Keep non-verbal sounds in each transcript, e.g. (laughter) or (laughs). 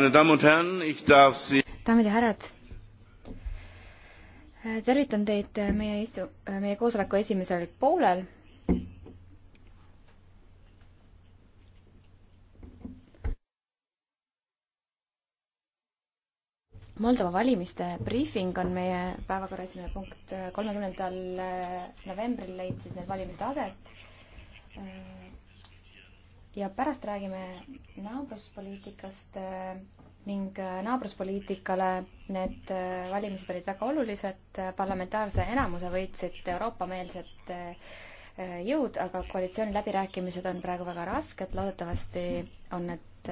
daamid ja härrad, tervitan teid meie istu-, meie koosoleku esimesel poolel. Moldova valimiste briefing on meie päevakorra esimene punkt. kolmekümnendal novembril leidsid need valimised aset ja pärast räägime naabruspoliitikast äh, ning äh, naabruspoliitikale need äh, valimised olid väga olulised, parlamentaarse enamuse võitsid Euroopa-meelsed jõud, aga koalitsiooniläbirääkimised on praegu väga rasked, loodetavasti on need,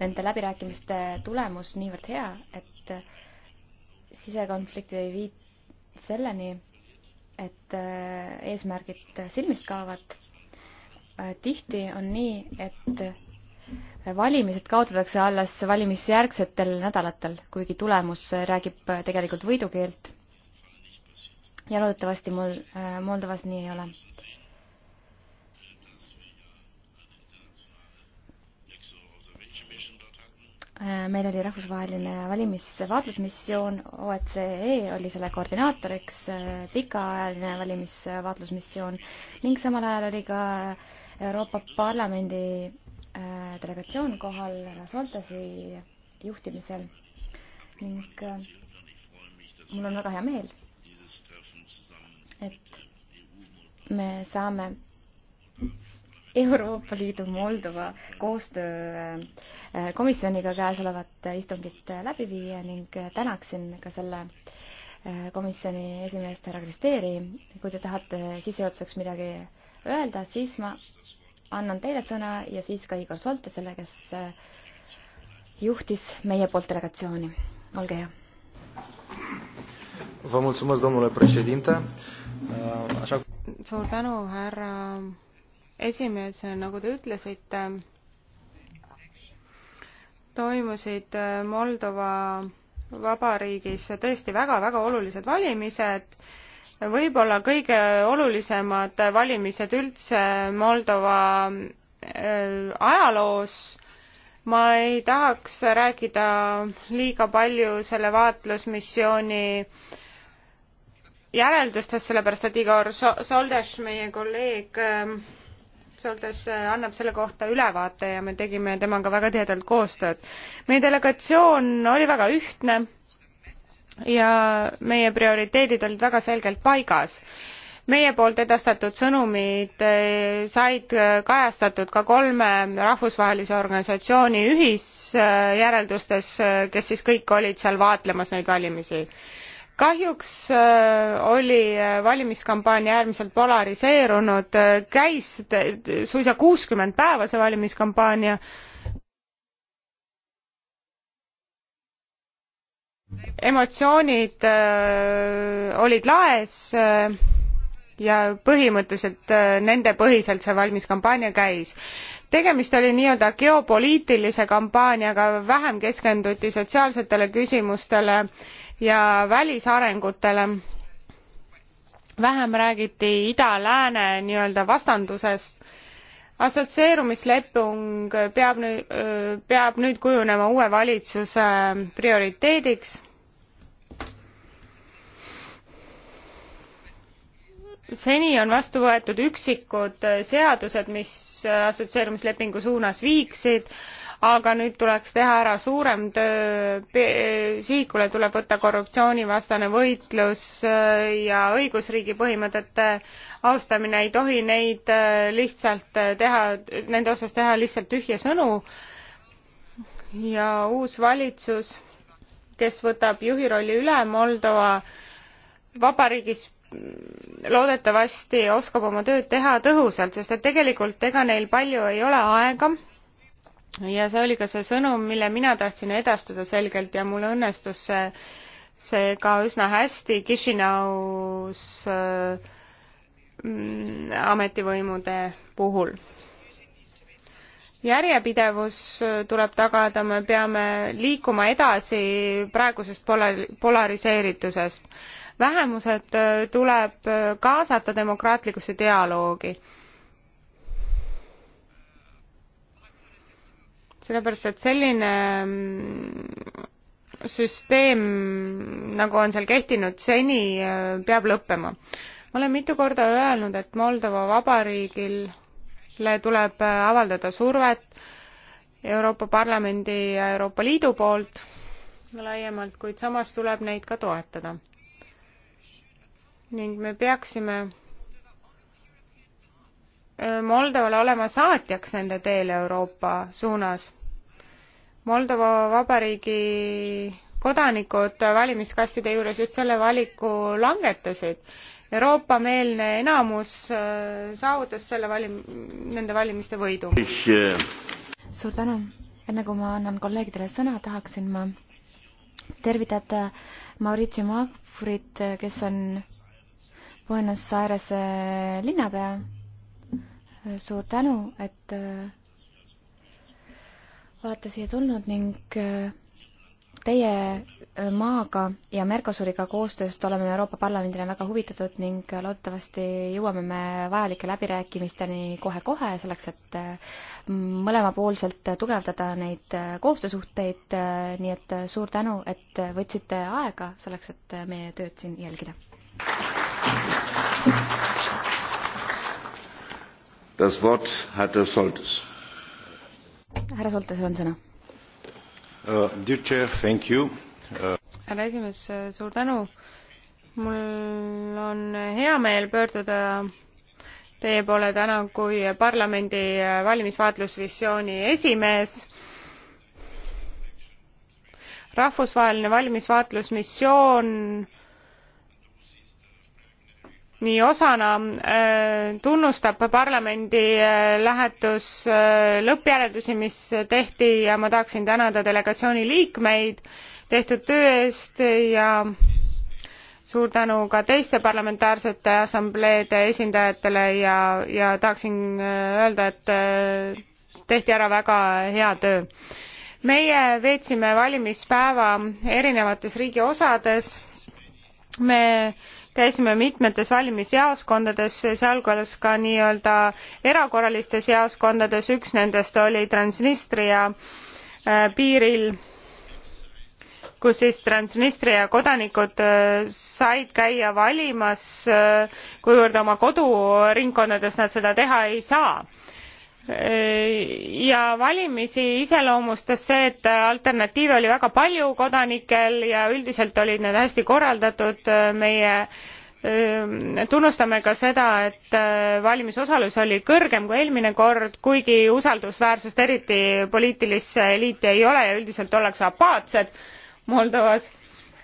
nende läbirääkimiste tulemus niivõrd hea, et sisekonfliktid ei vii selleni, et eesmärgid silmist kaovad Äh, tihti on nii, et valimised kaotatakse alles valimisjärgsetel nädalatel, kuigi tulemus räägib äh, tegelikult võidukeelt. ja loodetavasti mul äh, Moldovas nii ei ole. meil oli rahvusvaheline valimisvaatlusmissioon, OECE e oli selle koordinaatoriks, pikaajaline valimisvaatlusmissioon ning samal ajal oli ka äh, Euroopa Parlamendi äh, delegatsioon kohal Soltasi juhtimisel ning äh, mul on väga hea meel, et me saame Euroopa Liidu Moldova koostöö äh, komisjoniga käesolevat istungit läbi viia ning tänaksin ka selle komisjoni esimeest härra Kristeeri, kui te tahate sissejuhatuseks midagi öelda, siis ma annan teile sõna ja siis ka Igor Soltesele, kes äh, juhtis meie poolt delegatsiooni. olge hea. Äh, suur tänu, härra esimees, nagu te ütlesite, toimusid äh, Moldova vabariigis tõesti väga-väga olulised valimised võib-olla kõige olulisemad valimised üldse Moldova äh, ajaloos. ma ei tahaks rääkida liiga palju selle vaatlusmissiooni järeldustest, sellepärast et Igor Soldes, meie kolleeg ähm, Soldes äh, annab selle kohta ülevaate ja me tegime temaga väga tihedalt koostööd. meie delegatsioon oli väga ühtne ja meie prioriteedid olid väga selgelt paigas meie poolt edastatud sõnumid eh, said eh, kajastatud ka kolme rahvusvahelise organisatsiooni ühisjäreldustes eh, kes siis kõik olid seal vaatlemas neid valimisi kahjuks oli valimiskampaania äärmiselt polariseerunud käis suisa kuuskümmend päeva see valimiskampaania emotsioonid äh, olid laes äh, ja põhimõtteliselt äh, nende põhiselt see valmis kampaania käis. tegemist oli nii-öelda geopoliitilise kampaaniaga, vähem keskenduti sotsiaalsetele küsimustele ja välisarengutele. vähem räägiti ida-lääne nii-öelda vastandusest assotsieerumisleping peab nüüd peab nüüd kujunema uue valitsuse prioriteediks seni on vastu võetud üksikud äh, seadused, mis äh, assotsieerumislepingu suunas viiksid, aga nüüd tuleks teha ära suurem töö, sihikule tuleb võtta korruptsioonivastane võitlus äh, ja õigusriigi põhimõtete austamine, ei tohi neid lihtsalt teha, nende osas teha lihtsalt tühje sõnu ja uus valitsus, kes võtab juhi rolli üle Moldova vabariigis loodetavasti oskab oma tööd teha tõhusalt, sest et tegelikult ega neil palju ei ole aega. ja see oli ka see sõnum, mille mina tahtsin edastada selgelt ja mul õnnestus see, see ka üsna hästi Kishinaus äh, mm, ametivõimude puhul järjepidevus tuleb tagada, me peame liikuma edasi praegusest pola-, polariseeritusest vähemused äh, tuleb äh, kaasata demokraatlikusse dialoogi. sellepärast, et selline mm, süsteem, nagu on seal kehtinud seni, äh, peab lõppema. ma olen mitu korda öelnud, et Moldova Vabariigile tuleb avaldada survet Euroopa Parlamendi ja Euroopa Liidu poolt laiemalt, kuid samas tuleb neid ka toetada ning me peaksime äh, Moldovale olema saatjaks nende teel Euroopa suunas. Moldova Vabariigi kodanikud valimiskastide juures just selle valiku langetasid. Euroopa-meelne enamus äh, saavutas selle valim-, nende valimiste võidu. suur tänu. enne kui ma annan kolleegidele sõna, tahaksin ma tervitada Mauricio Mahvrit, kes on Buenos Airese linnapea, suur tänu, et äh, olete siia tulnud ning äh, teie äh, maaga ja Mercosuriga koostööst oleme me Euroopa Parlamendile väga huvitatud ning loodetavasti jõuame me vajalike läbirääkimisteni kohe-kohe, selleks et mõlemapoolselt tugevdada neid koostöösuhteid, nii et suur tänu, et võtsite aega selleks, et meie tööd siin jälgida. Das Wort hat Herr Soltes. härra Soltes on sõna uh,. uh härra uh... esimees, suur tänu. mul on hea meel pöörduda teie poole täna kui parlamendi uh, valimisvaatlusvisiooni esimees rahvusvaheline valimisvaatlusmissioon nii osana äh, tunnustab parlamendi äh, lähetus äh, lõppjäreldusi mis tehti ja ma tahaksin tänada delegatsiooni liikmeid tehtud töö eest ja suur tänu ka teiste parlamentaarsete assambleede esindajatele ja ja tahaksin öelda et tehti ära väga hea töö meie veetsime valimispäeva erinevates riigi osades me käisime mitmetes valimisjaoskondades, sealhulgas ka nii-öelda erakorralistes jaoskondades, üks nendest oli Transnistria äh, piiril kus siis transnistria kodanikud äh, said käia valimas äh, kuivõrd oma koduringkondades nad seda teha ei saa ja valimisi iseloomustas see, et alternatiive oli väga palju kodanikel ja üldiselt olid need hästi korraldatud, meie ehm, tunnustame ka seda, et ehm, valimisosalus oli kõrgem kui eelmine kord, kuigi usaldusväärsust eriti poliitilisse eliiti ei ole ja üldiselt ollakse apaatsed Moldovas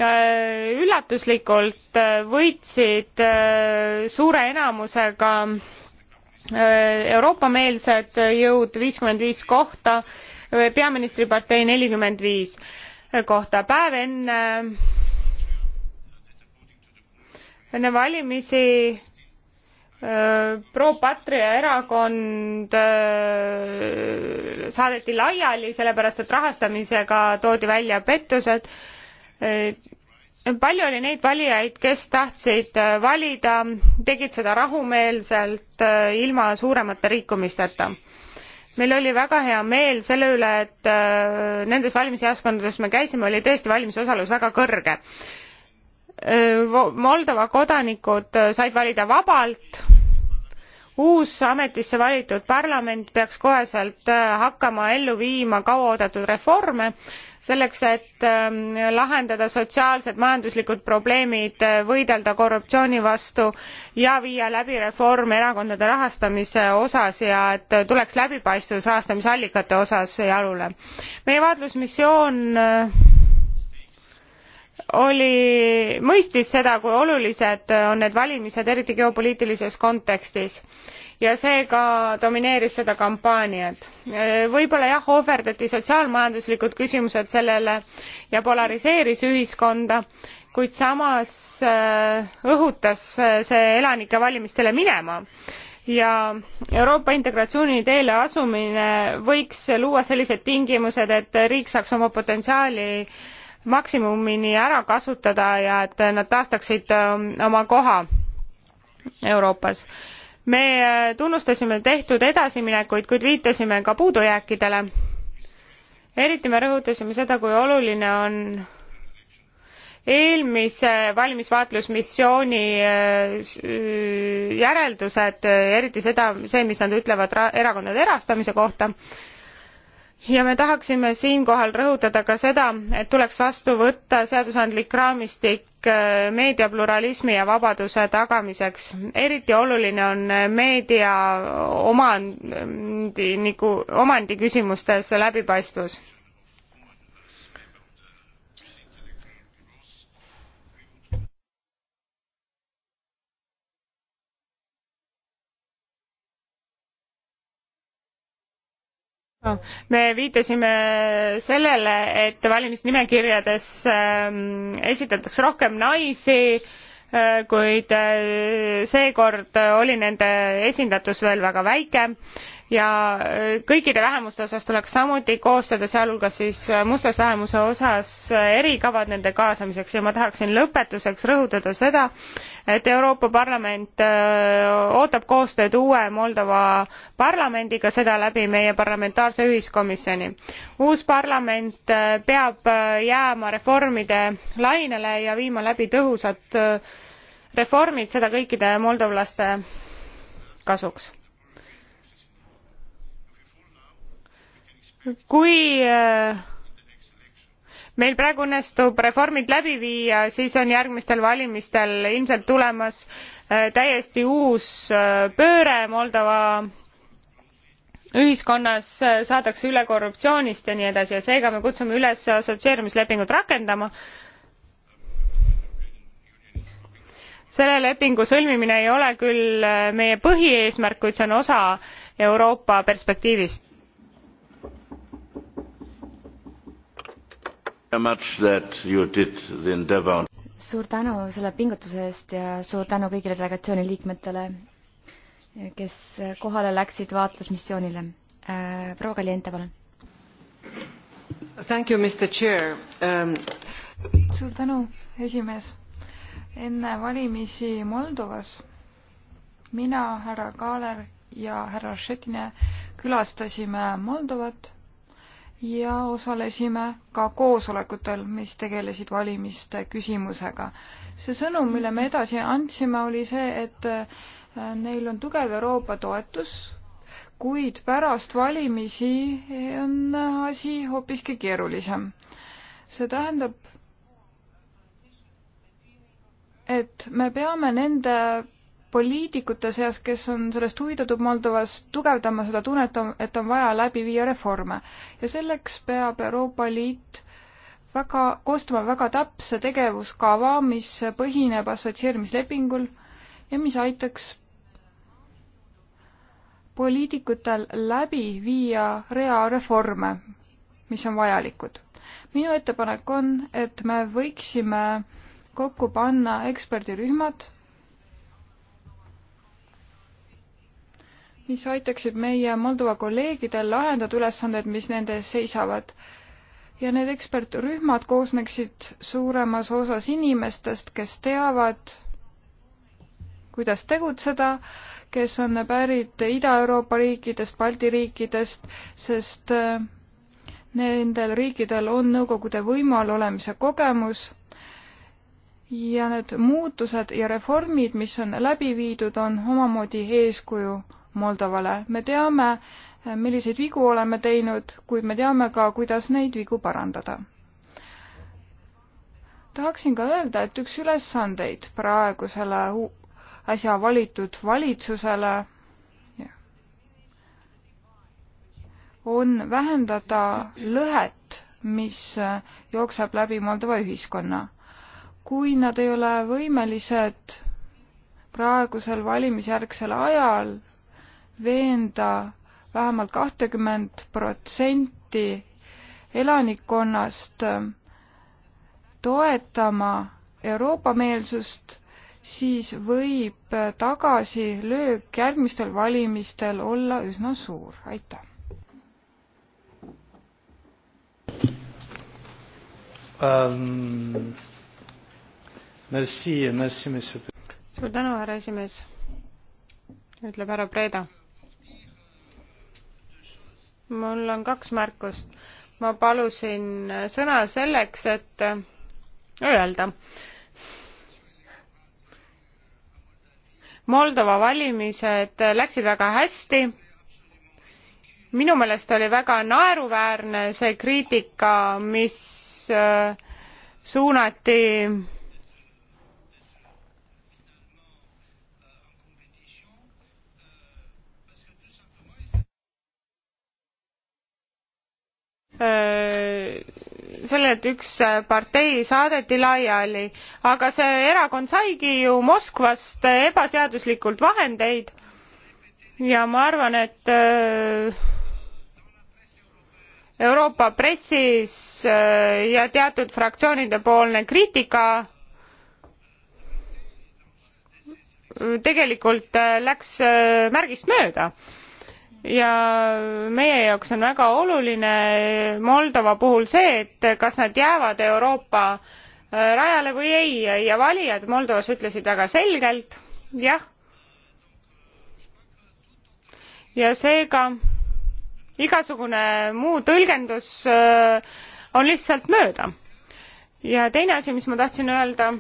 ehm, üllatuslikult võitsid suure enamusega Äh, Euroopa-meelsed jõud viiskümmend viis kohta, äh, peaministripartei nelikümmend viis kohta. päev enne, enne valimisi äh, pro-patria erakond saadeti laiali sellepärast, et rahastamisega toodi välja pettused palju oli neid valijaid kes tahtsid äh, valida tegid seda rahumeelselt äh, ilma suuremate rikkumisteta meil oli väga hea meel selle üle et äh, nendes valimisjaoskondades me käisime oli tõesti valimisosalus väga kõrge moldova kodanikud said valida vabalt uus ametisse valitud parlament peaks koheselt hakkama ellu viima kauaoodatud reforme selleks et ähm, lahendada sotsiaalsed majanduslikud probleemid äh, võidelda korruptsiooni vastu ja viia läbi reform erakondade rahastamise osas ja et tuleks läbipaistvus rahastamisallikate osas jalule. meie vaatlusmissioon äh, oli mõistis seda kui olulised äh, on need valimised eriti geopoliitilises kontekstis ja seega domineeris seda kampaaniat. võib-olla jah, ohverdati sotsiaalmajanduslikud küsimused sellele ja polariseeris ühiskonda, kuid samas äh, õhutas äh, see elanike valimistele minema ja Euroopa integratsiooni teele asumine võiks luua sellised tingimused, et riik saaks oma potentsiaali maksimumini ära kasutada ja et nad taastaksid ähm, oma koha Euroopas me äh, tunnustasime tehtud edasiminekuid kuid viitasime ka puudujääkidele eriti me rõhutasime seda kui oluline on eelmise valimisvaatlusmissiooni äh, äh, järeldused eriti seda see mis nad ütlevad erakondade erastamise kohta ja me tahaksime siinkohal rõhutada ka seda et tuleks vastu võtta seadusandlik raamistik äh, meediapluralismi ja vabaduse tagamiseks eriti oluline on meedia omandi nagu omandi küsimustes läbipaistvus me viitasime sellele, et valimisnimekirjades ähm, esitatakse rohkem naisi, äh, kuid äh, seekord oli nende esindatus veel väga väike ja äh, kõikide vähemuste osas tuleks samuti koostada, sealhulgas siis mustas vähemuse osas erikavad nende kaasamiseks ja ma tahaksin lõpetuseks rõhutada seda, et euroopa parlament äh, ootab koostööd uue moldova parlamendiga seda läbi meie parlamentaarse ühiskomisjoni. uus parlament äh, peab äh, jääma reformide lainele ja viima läbi tõhusad reformid seda kõikide moldovlaste kasuks. kui meil praegu õnnestub reformid läbi viia siis on järgmistel valimistel ilmselt tulemas äh, täiesti uus äh, pööre moldova ühiskonnas äh, saadakse üle korruptsioonist ja nii edasi ja seega me kutsume üles assotsieerumislepingut rakendama selle lepingu sõlmimine ei ole küll meie põhieesmärk kuid see on osa euroopa perspektiivist. suur tänu selle pingutuse eest ja suur tänu kõigile delegatsiooni liikmetele, kes kohale läksid vaatlusmissioonile. Äh, proua Kaliente, palun. Thank you, Mr Chair um.... suur tänu, esimees. enne valimisi Moldovas mina, härra Kaaler ja härra Šetine külastasime Moldovat ja osalesime ka koosolekutel, mis tegelesid valimiste küsimusega. see sõnum, mille me edasi andsime, oli see, et äh, neil on tugev Euroopa toetus, kuid pärast valimisi on asi hoopiski keerulisem. see tähendab, et me peame nende poliitikute seas, kes on sellest huvitatud Moldovas, tugevdama seda tunnet, et on vaja läbi viia reforme. ja selleks peab Euroopa Liit väga, koostama väga täpse tegevuskava, mis põhineb assotsieerimislepingul ja mis aitaks poliitikutel läbi viia rea reforme, mis on vajalikud. minu ettepanek on, et me võiksime kokku panna eksperdirühmad mis aitaksid meie Moldova kolleegidel lahendada ülesanded, mis nende ees seisavad. ja need ekspertrühmad koosneksid suuremas osas inimestest, kes teavad, kuidas tegutseda, kes on pärit Ida-Euroopa riikidest, Balti riikidest, sest äh, nendel riikidel on Nõukogude võimu all olemise kogemus ja need muutused ja reformid, mis on läbi viidud, on omamoodi eeskuju Moldovale. me teame, milliseid vigu oleme teinud, kuid me teame ka, kuidas neid vigu parandada. tahaksin ka öelda, et üks ülesandeid praegusele äsja valitud valitsusele on vähendada lõhet, mis jookseb läbi Moldova ühiskonna. kui nad ei ole võimelised praegusel valimisjärgsel ajal veenda vähemalt kahtekümmend protsenti elanikkonnast toetama Euroopa-meelsust, siis võib tagasilöök järgmistel valimistel olla üsna suur. aitäh! Um, merci, merci, monsieur. suur tänu, härra esimees, ütleb härra Preda mul on kaks märkust. ma palusin sõna selleks, et öelda. Moldova valimised läksid väga hästi. minu meelest oli väga naeruväärne see kriitika, mis äh, suunati Äh, selle, et üks partei saadeti laiali, aga see erakond saigi ju Moskvast ebaseaduslikult vahendeid ja ma arvan, et äh, Euroopa pressis äh, ja teatud fraktsioonide poolne kriitika tegelikult läks märgist mööda ja meie jaoks on väga oluline Moldova puhul see, et kas nad jäävad Euroopa äh, rajale või ei ja valijad Moldovas ütlesid väga selgelt jah. ja seega igasugune muu tõlgendus äh, on lihtsalt mööda. ja teine asi, mis ma tahtsin öelda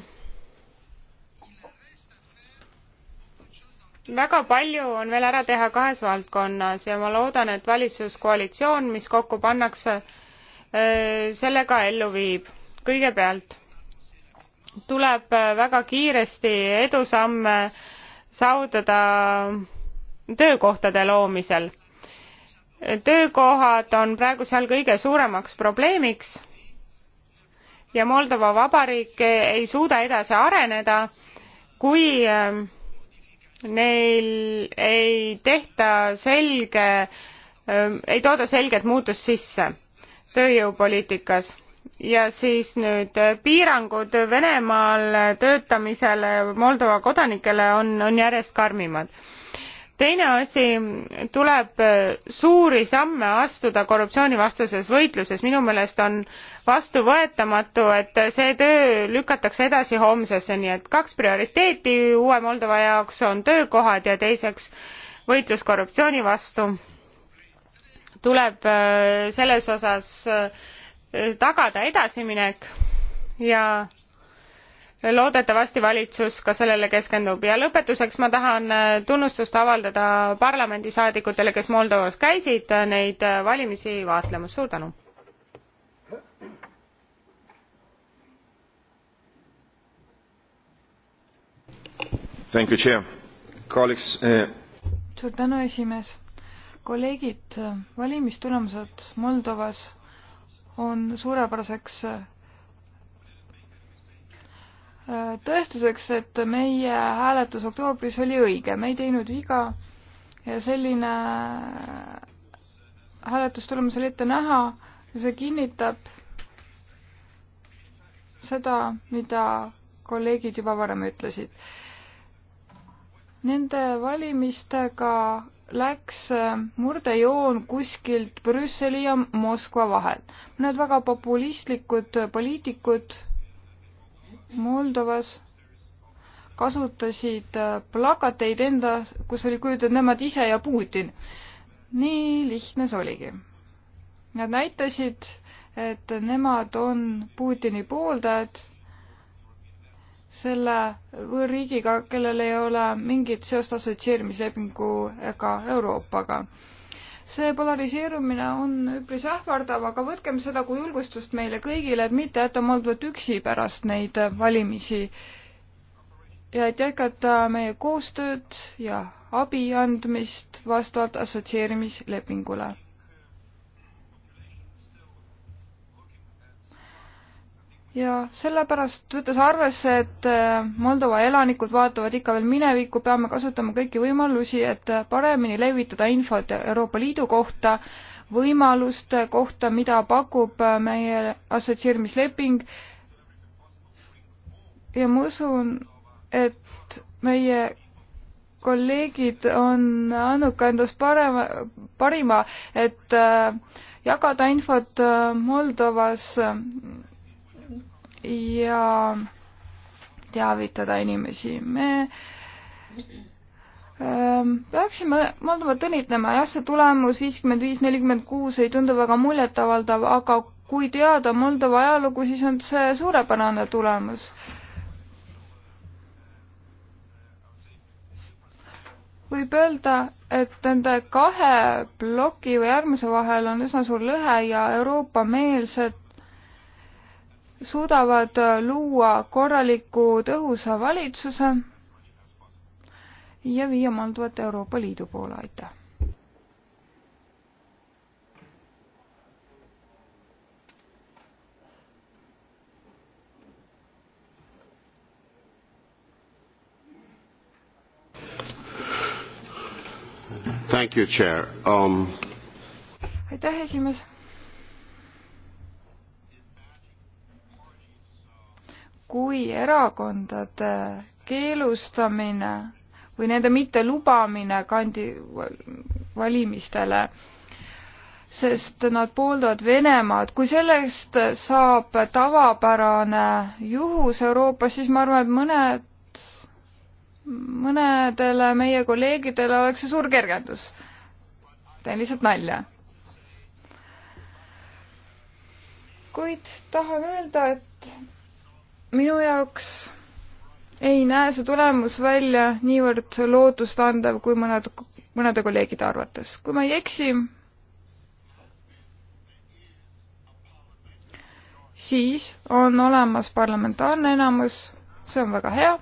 väga palju on veel ära teha kahes valdkonnas ja ma loodan, et valitsuskoalitsioon, mis kokku pannakse, selle ka ellu viib. kõigepealt tuleb väga kiiresti edusamme saavutada töökohtade loomisel. töökohad on praegu seal kõige suuremaks probleemiks ja Moldova Vabariik ei suuda edasi areneda, kui neil ei tehta selge, ähm, ei tooda selget muutust sisse tööjõupoliitikas ja siis nüüd äh, piirangud Venemaal töötamisele Moldova kodanikele on, on järjest karmimad teine asi, tuleb äh, suuri samme astuda korruptsioonivastases võitluses, minu meelest on vastuvõetamatu, et see töö lükatakse edasi homsesse, nii et kaks prioriteeti uue Moldova jaoks on töökohad ja teiseks võitlus korruptsiooni vastu. tuleb äh, selles osas äh, tagada edasiminek ja loodetavasti valitsus ka sellele keskendub ja lõpetuseks ma tahan äh, tunnustust avaldada parlamendisaadikutele kes moldovas käisid äh, neid äh, valimisi vaatlemas suur tänu Thank you, Chair. Colleagues, eh... suur tänu esimees kolleegid valimistulemused moldovas on suurepäraseks tõestuseks, et meie hääletus oktoobris oli õige, me ei teinud viga ja selline hääletustulemus oli ette näha ja see kinnitab seda, mida kolleegid juba varem ütlesid. Nende valimistega läks murdejoon kuskilt Brüsseli ja Moskva vahel. Need väga populistlikud poliitikud Moldovas kasutasid äh, plakateid enda, kus oli kujutatud nemad ise ja Putin. nii lihtne see oligi. Nad näitasid, et nemad on Putini pooldajad selle võõrriigiga, kellel ei ole mingit seost assotsieerimislepingu ega Euroopaga see polariseerumine on üpris ähvardav, aga võtkem seda kui julgustust meile kõigile, et mitte jätta Moldovat üksi pärast neid valimisi. ja et jätkata meie koostööd ja abi andmist vastavalt assotsieerimislepingule. ja sellepärast, võttes arvesse, et äh, Moldova elanikud vaatavad ikka veel minevikku, peame kasutama kõiki võimalusi, et paremini levitada infot Euroopa Liidu kohta, võimaluste kohta, mida pakub äh, meie assotsieerimisleping. ja ma usun, et meie kolleegid on andnud ka endast parema, parima, et äh, jagada infot Moldovas ja teavitada inimesi. me ähm, peaksime Moldovat õnnitlema, jah, see tulemus viiskümmend viis, nelikümmend kuus ei tundu väga muljetavaldav, aga kui teada Moldova ajalugu, siis on see suurepärane tulemus. võib öelda, et nende kahe ploki või äärmuse vahel on üsna suur lõhe ja Euroopa meelsed suudavad äh, luua korraliku tõhusa valitsuse ja viia Moldovat Euroopa Liidu poole, aitäh! You, um... aitäh esimees! kui erakondade keelustamine või nende mittelubamine kandi-, valimistele, sest nad pooldavad Venemaad, kui sellest saab tavapärane juhus Euroopas, siis ma arvan, et mõned, mõnedele meie kolleegidele oleks see suur kergendus. teen lihtsalt nalja kuid tahan öelda, et minu jaoks ei näe see tulemus välja niivõrd lootustandev kui mõned, mõnede kolleegide arvates. kui ma ei eksi, siis on olemas parlamentaarne enamus, see on väga hea,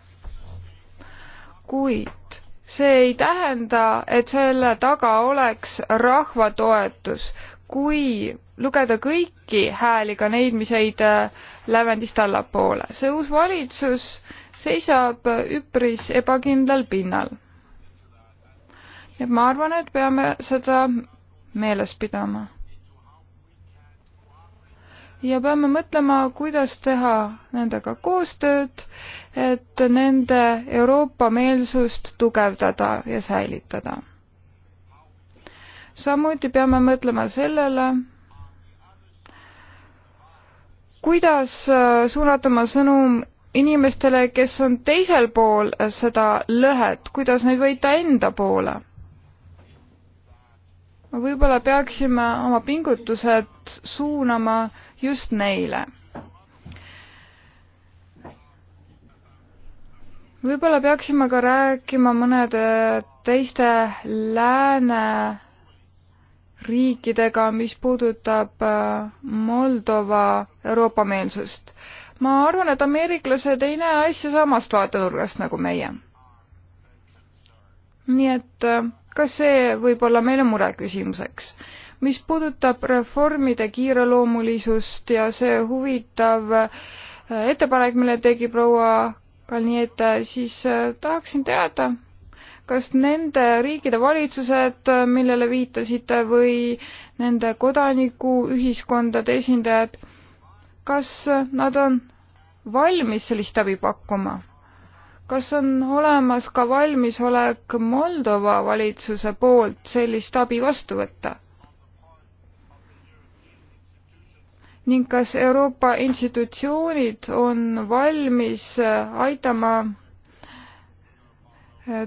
kuid see ei tähenda, et selle taga oleks rahva toetus, kui lugeda kõiki hääli, ka neid, mis jäid äh, lävendist allapoole. see uus valitsus seisab äh, üpris ebakindlal pinnal. nii et ma arvan, et peame seda meeles pidama. ja peame mõtlema, kuidas teha nendega koostööd, et nende Euroopa meelsust tugevdada ja säilitada samuti peame mõtlema sellele, kuidas äh, suunata oma sõnum inimestele, kes on teisel pool äh, seda lõhet, kuidas neid võita enda poole? võib-olla peaksime oma pingutused suunama just neile. võib-olla peaksime ka rääkima mõnede teiste lääne riikidega, mis puudutab äh, Moldova Euroopa-meelsust. ma arvan, et ameeriklased ei näe asja samast vaatenurgast nagu meie. nii et äh, ka see võib olla meile mureküsimuseks. mis puudutab reformide kiireloomulisust ja see huvitav äh, ettepanek, mille tegi proua Kalniete, siis tahaksin teada, kas nende riikide valitsused, millele viitasite, või nende kodanikuühiskondade esindajad, kas nad on valmis sellist abi pakkuma? kas on olemas ka valmisolek Moldova valitsuse poolt sellist abi vastu võtta? ning kas Euroopa institutsioonid on valmis aitama eh,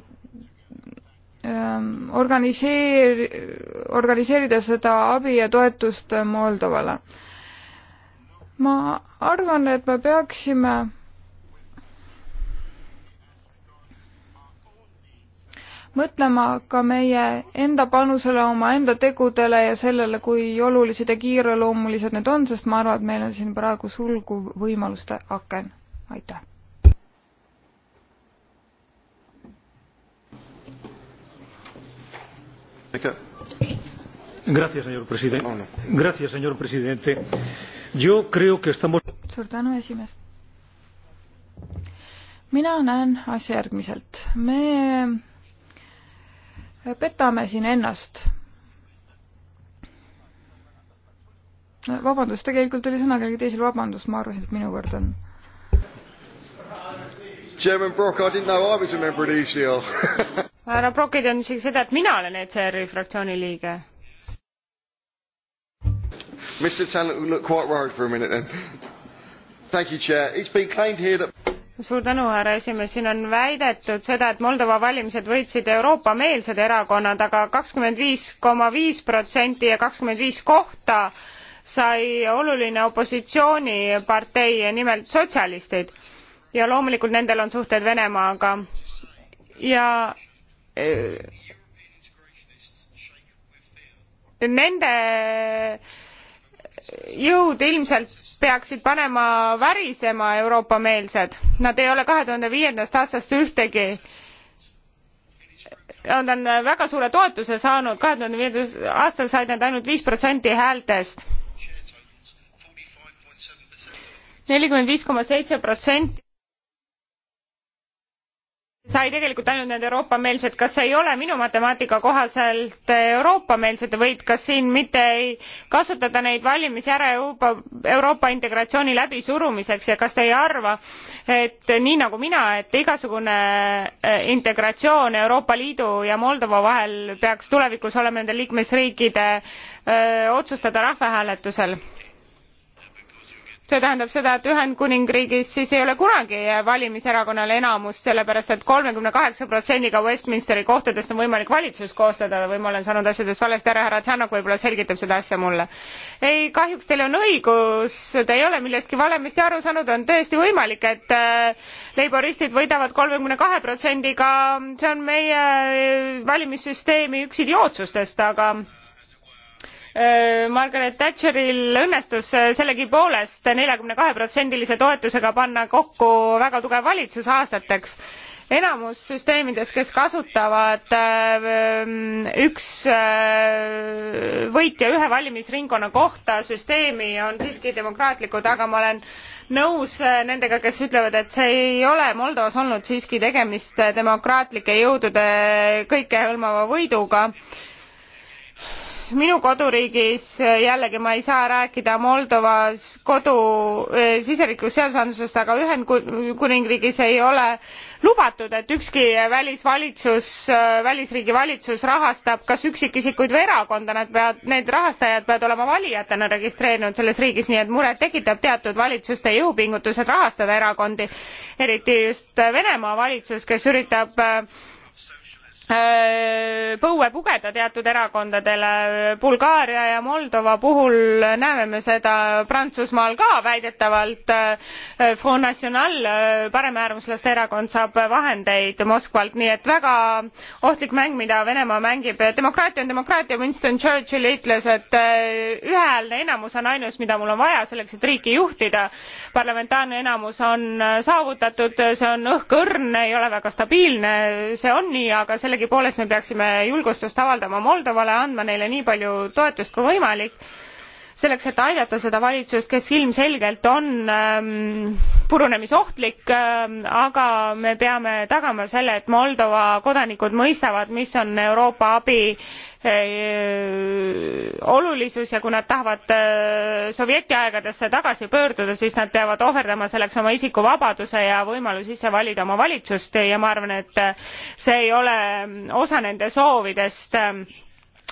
Ehm, organiseer-, organiseerida seda abi ja toetust Moldovale. ma arvan, et me peaksime mõtlema ka meie enda panusele, omaenda tegudele ja sellele, kui olulised ja kiireloomulised need on, sest ma arvan, et meil on siin praegu sulguv võimaluste aken. aitäh! Gracias, señor presidente. No, no. Gracias, señor presidente. Yo creo que estamos... suur tänu, esimees. mina näen asja järgmiselt. me petame siin ennast. vabandust, tegelikult oli sõna kellelgi teisel, vabandust, ma arvasin, et minu kord on. Chairman Brock, I didn't know I was a member of the ECR (laughs) härra Brocki teadis isegi seda, et mina olen ECR-i fraktsiooni liige. Mr Tallon looked quite worried for a minute then. Thank you, Chair. It's been claimed here that suur tänu, härra esimees, siin on väidetud seda, et Moldova valimised võitsid Euroopa-meelsed erakonnad aga, aga kakskümmend viis koma viis protsenti ja kakskümmend viis kohta sai oluline opositsioonipartei, nimelt sotsialistid. ja loomulikult nendel on suhted Venemaaga. ja Äh, nende jõud ilmselt peaksid panema värisema euroopa meelsed nad ei ole kahe tuhande viiendast aastast ühtegi nad on väga suure toetuse saanud kahe tuhande viiendast aastal said nad ainult viis protsenti häältest nelikümmend viis koma seitse protsenti sai tegelikult ainult need euroopameelsed kas ei ole minu matemaatika kohaselt euroopameelsed võit kas siin mitte ei kasutata neid valimisi ära euroopa euroopa integratsiooni läbisurumiseks ja kas te ei arva et nii nagu mina et igasugune äh, integratsioon euroopa liidu ja moldova vahel peaks tulevikus olema nende liikmesriikide öö, äh, otsustada rahvahääletusel? see tähendab seda, et Ühendkuningriigis siis ei ole kunagi valimiserakonnal enamust, sellepärast et kolmekümne kaheksa protsendiga Westminsteri kohtadest on võimalik valitsus koostada või ma olen saanud asjadest valesti ära, härra Tšanok võib-olla selgitab seda asja mulle. ei, kahjuks teil on õigus, te ei ole millestki valemist aru saanud, on tõesti võimalik, et äh, leiboristid võidavad kolmekümne kahe protsendiga, see on meie äh, valimissüsteemi üks idiootsustest, aga Äh, Margaret Thatcheril õnnestus äh, sellegipoolest neljakümne kahe protsendilise toetusega panna kokku väga tugev valitsus aastateks enamus süsteemides kes kasutavad äh, üks võitja ühe valimisringkonna kohta süsteemi on siiski demokraatlikud aga ma olen nõus nendega kes ütlevad et see ei ole moldovas olnud siiski tegemist demokraatlike jõudude kõikehõlmava võiduga ja minu koduriigis eh, jällegi ma ei saa rääkida Moldovas kodu eh, siseriiklikust seadusandlusest, aga Ühendkuningriigis ei ole lubatud, et ükski välisvalitsus, eh, välisriigi valitsus rahastab kas üksikisikuid või erakonda, nad peavad, need rahastajad peavad olema valijatena registreerinud selles riigis, nii et muret tekitab teatud valitsuste jõupingutused rahastada erakondi, eriti just Venemaa valitsus, kes üritab Äh, põue pugeda teatud erakondadele bulgaaria ja moldova puhul näeme me seda prantsusmaal ka väidetavalt äh, front national äh, paremäärmuslaste erakond saab vahendeid moskvalt nii et väga ohtlik mäng mida venemaa mängib demokraatia on demokraatia winston churchill ütles et ühehäälne enamus on ainus mida mul on vaja selleks et riiki juhtida parlamentaarne enamus on saavutatud see on õhkõrn ei ole väga stabiilne see on nii aga selleks sellegipoolest me peaksime julgustust avaldama moldovale andma neile nii palju toetust kui võimalik selleks et aidata seda valitsust kes ilmselgelt on ähm, purunemisohtlik ähm, aga me peame tagama selle et moldova kodanikud mõistavad mis on euroopa abi Eh, eh, olulisus ja kui nad tahavad eh, sovjeti aegadesse tagasi pöörduda siis nad peavad ohverdama selleks oma isikuvabaduse ja võimaluse ise valida oma valitsust ja ma arvan et see ei ole mm, osa nende soovidest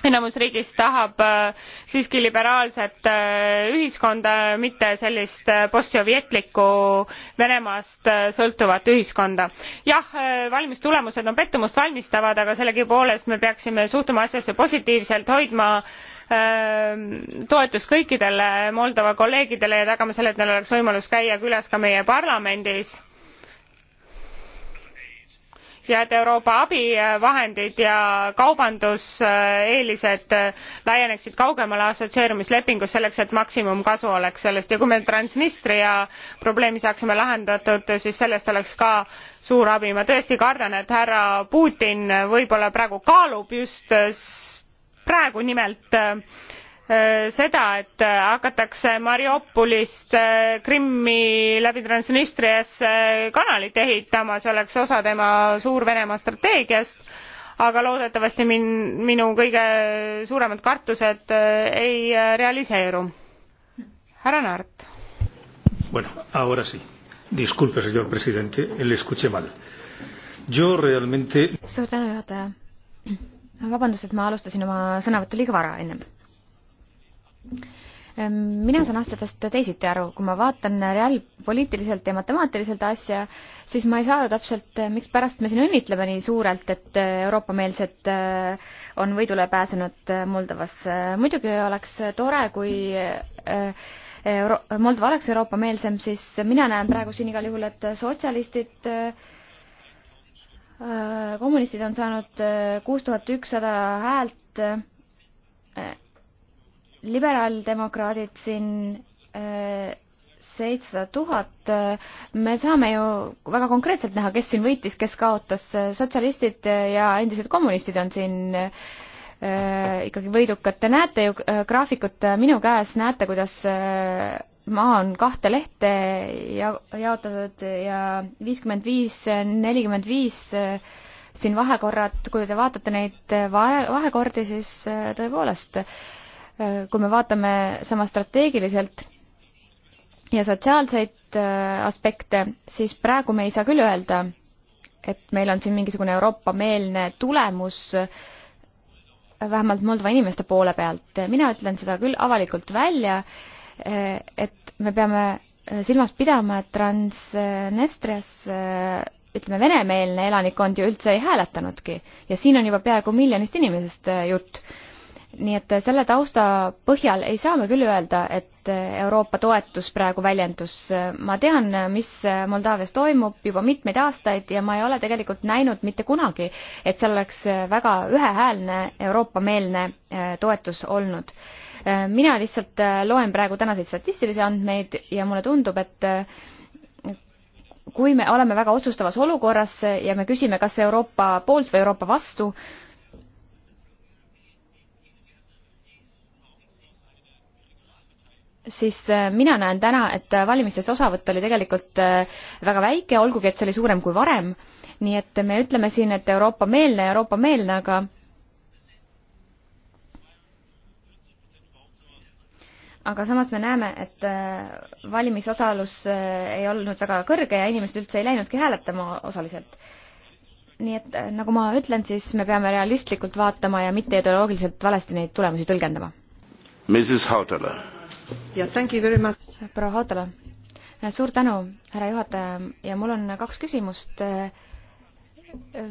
enamus riigist tahab äh, siiski liberaalset äh, ühiskonda mitte sellist äh, postsovjetlikku venemaast sõltuvat ühiskonda. jah valimistulemused on pettumust valmistavad aga sellegipoolest me peaksime suhtuma asjasse positiivselt hoidma ähm, toetust kõikidele moldova kolleegidele ja tagama selle et neil oleks võimalus käia külas ka meie parlamendis ja et Euroopa abivahendid ja kaubanduseelised laieneksid kaugemale assotsieerumislepingust selleks, et maksimumkasu oleks sellest ja kui me Transnistria probleemi saaksime lahendatud, siis sellest oleks ka suur abi. ma tõesti kardan, et härra Putin võib-olla praegu kaalub just praegu nimelt Äh, seda et äh, hakatakse mariupolist äh, krimmi läbi transnistriasse kanalit ehitama see oleks osa tema suur venemaa strateegiast aga loodetavasti min- minu kõige suuremad kartused ei realiseeru härra naart bueno ahora sí disculpe señor presidente le escuché mal yo realmente suur tänu juhataja vabandust et ma alustasin oma sõnavõttu liiga vara ennem mina saan asjadest teisiti aru, kui ma vaatan reaalpoliitiliselt ja matemaatiliselt asja, siis ma ei saa aru täpselt, mikspärast me siin õnnitleme nii suurelt, et Euroopa-meelsed äh, on võidule pääsenud äh, Moldovasse. Äh, muidugi oleks tore, kui Euro-, Moldova oleks Euroopa-meelsem, siis mina näen praegu siin igal juhul, et sotsialistid kommunistid on saanud kuus tuhat ükssada häält liberaaldemokraadid siin äh, seitsesada tuhat, äh, me saame ju väga konkreetselt näha, kes siin võitis, kes kaotas, sotsialistid ja endised kommunistid on siin äh, ikkagi võidukad, te näete ju graafikut minu käes, näete, kuidas maa on kahte lehte ja jaotatud ja viiskümmend viis, nelikümmend viis siin vahekorrad, kui te vaatate neid vahekordi, siis tõepoolest äh, Äh, kui me vaatame sama strateegiliselt ja sotsiaalseid äh, aspekte, siis praegu me ei saa küll öelda, et meil on siin mingisugune Euroopa-meelne tulemus äh, vähemalt Moldova inimeste poole pealt. mina ütlen seda küll avalikult välja, et me peame silmas pidama, et Transnistrias ütleme, venemeelne elanikkond ju üldse ei hääletanudki ja siin on juba peaaegu miljonist inimesest jutt nii et selle tausta põhjal ei saa me küll öelda, et Euroopa toetus praegu väljendus. ma tean, mis Moldaavias toimub juba mitmeid aastaid ja ma ei ole tegelikult näinud mitte kunagi, et seal oleks väga ühehäälne Euroopa-meelne äh, toetus olnud. Äh, mina lihtsalt äh, loen praegu tänaseid statistilisi andmeid ja mulle tundub, et kui me oleme väga otsustavas olukorras ja me küsime, kas Euroopa poolt või Euroopa vastu, siis äh, mina näen täna, et äh, valimistest osavõtt oli tegelikult äh, väga väike, olgugi et see oli suurem kui varem. nii et me ütleme siin, et Euroopa-meelne, Euroopa-meelne, aga aga samas me näeme, et valimisosalus ei olnud väga kõrge ja inimesed üldse ei läinudki hääletama osaliselt. nii et nagu ma ütlen, siis me peame realistlikult vaatama ja mitte ideoloogiliselt valesti neid tulemusi tõlgendama. Mrs Hautala proua Hautala, suur tänu, härra juhataja, ja mul on kaks küsimust.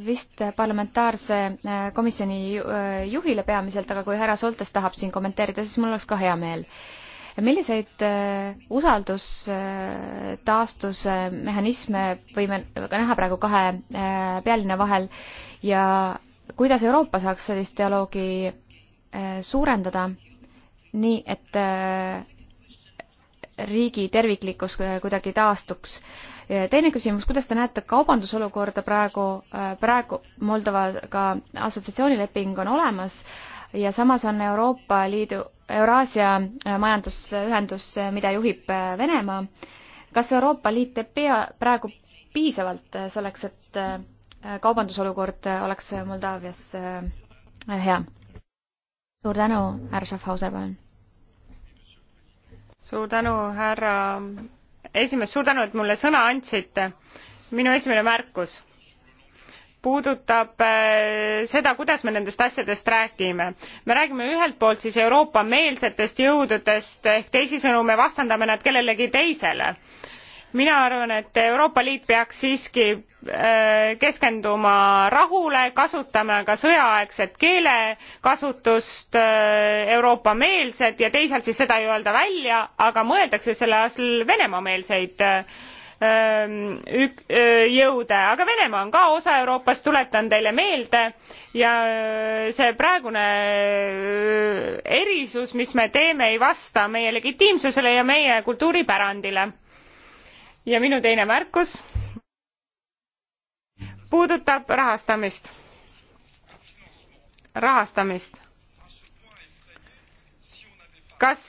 vist parlamentaarse komisjoni juhile peamiselt, aga kui härra Soltes tahab siin kommenteerida, siis mul oleks ka hea meel milliseid äh, usaldustaastuse äh, äh, mehhanisme võime ka näha praegu kahe pealinna vahel ja kuidas Euroopa saaks sellist dialoogi suurendada nii et äh, riigi terviklikkus kuidagi taastuks. teine küsimus, kuidas te näete kaubandusolukorda praegu, äh, praegu Moldovaga assotsiatsioonileping on olemas ja samas on Euroopa Liidu, Euraasia äh, majandusühendus, mida juhib Venemaa. kas Euroopa Liit teeb pea, praegu piisavalt selleks, et kaubandusolukord oleks Moldaavias hea? suur tänu, härra Schaffhauser, palun suur tänu, härra esimees, suur tänu, et mulle sõna andsite. minu esimene märkus puudutab äh, seda, kuidas me nendest asjadest räägime. me räägime ühelt poolt siis Euroopa meelsetest jõududest ehk teisisõnu me vastandame nad kellelegi teisele mina arvan et euroopa liit peaks siiski äh, keskenduma rahule kasutame aga sõjaaegset keelekasutust äh, euroopa meelset ja teisalt siis seda ei öelda välja aga mõeldakse selle asemel venemaa meelseid ähm, äh, jõude aga venemaa on ka osa euroopast tuletan teile meelde ja see praegune erisus mis me teeme ei vasta meie legitiimsusele ja meie kultuuripärandile ja minu teine märkus puudutab rahastamist rahastamist kas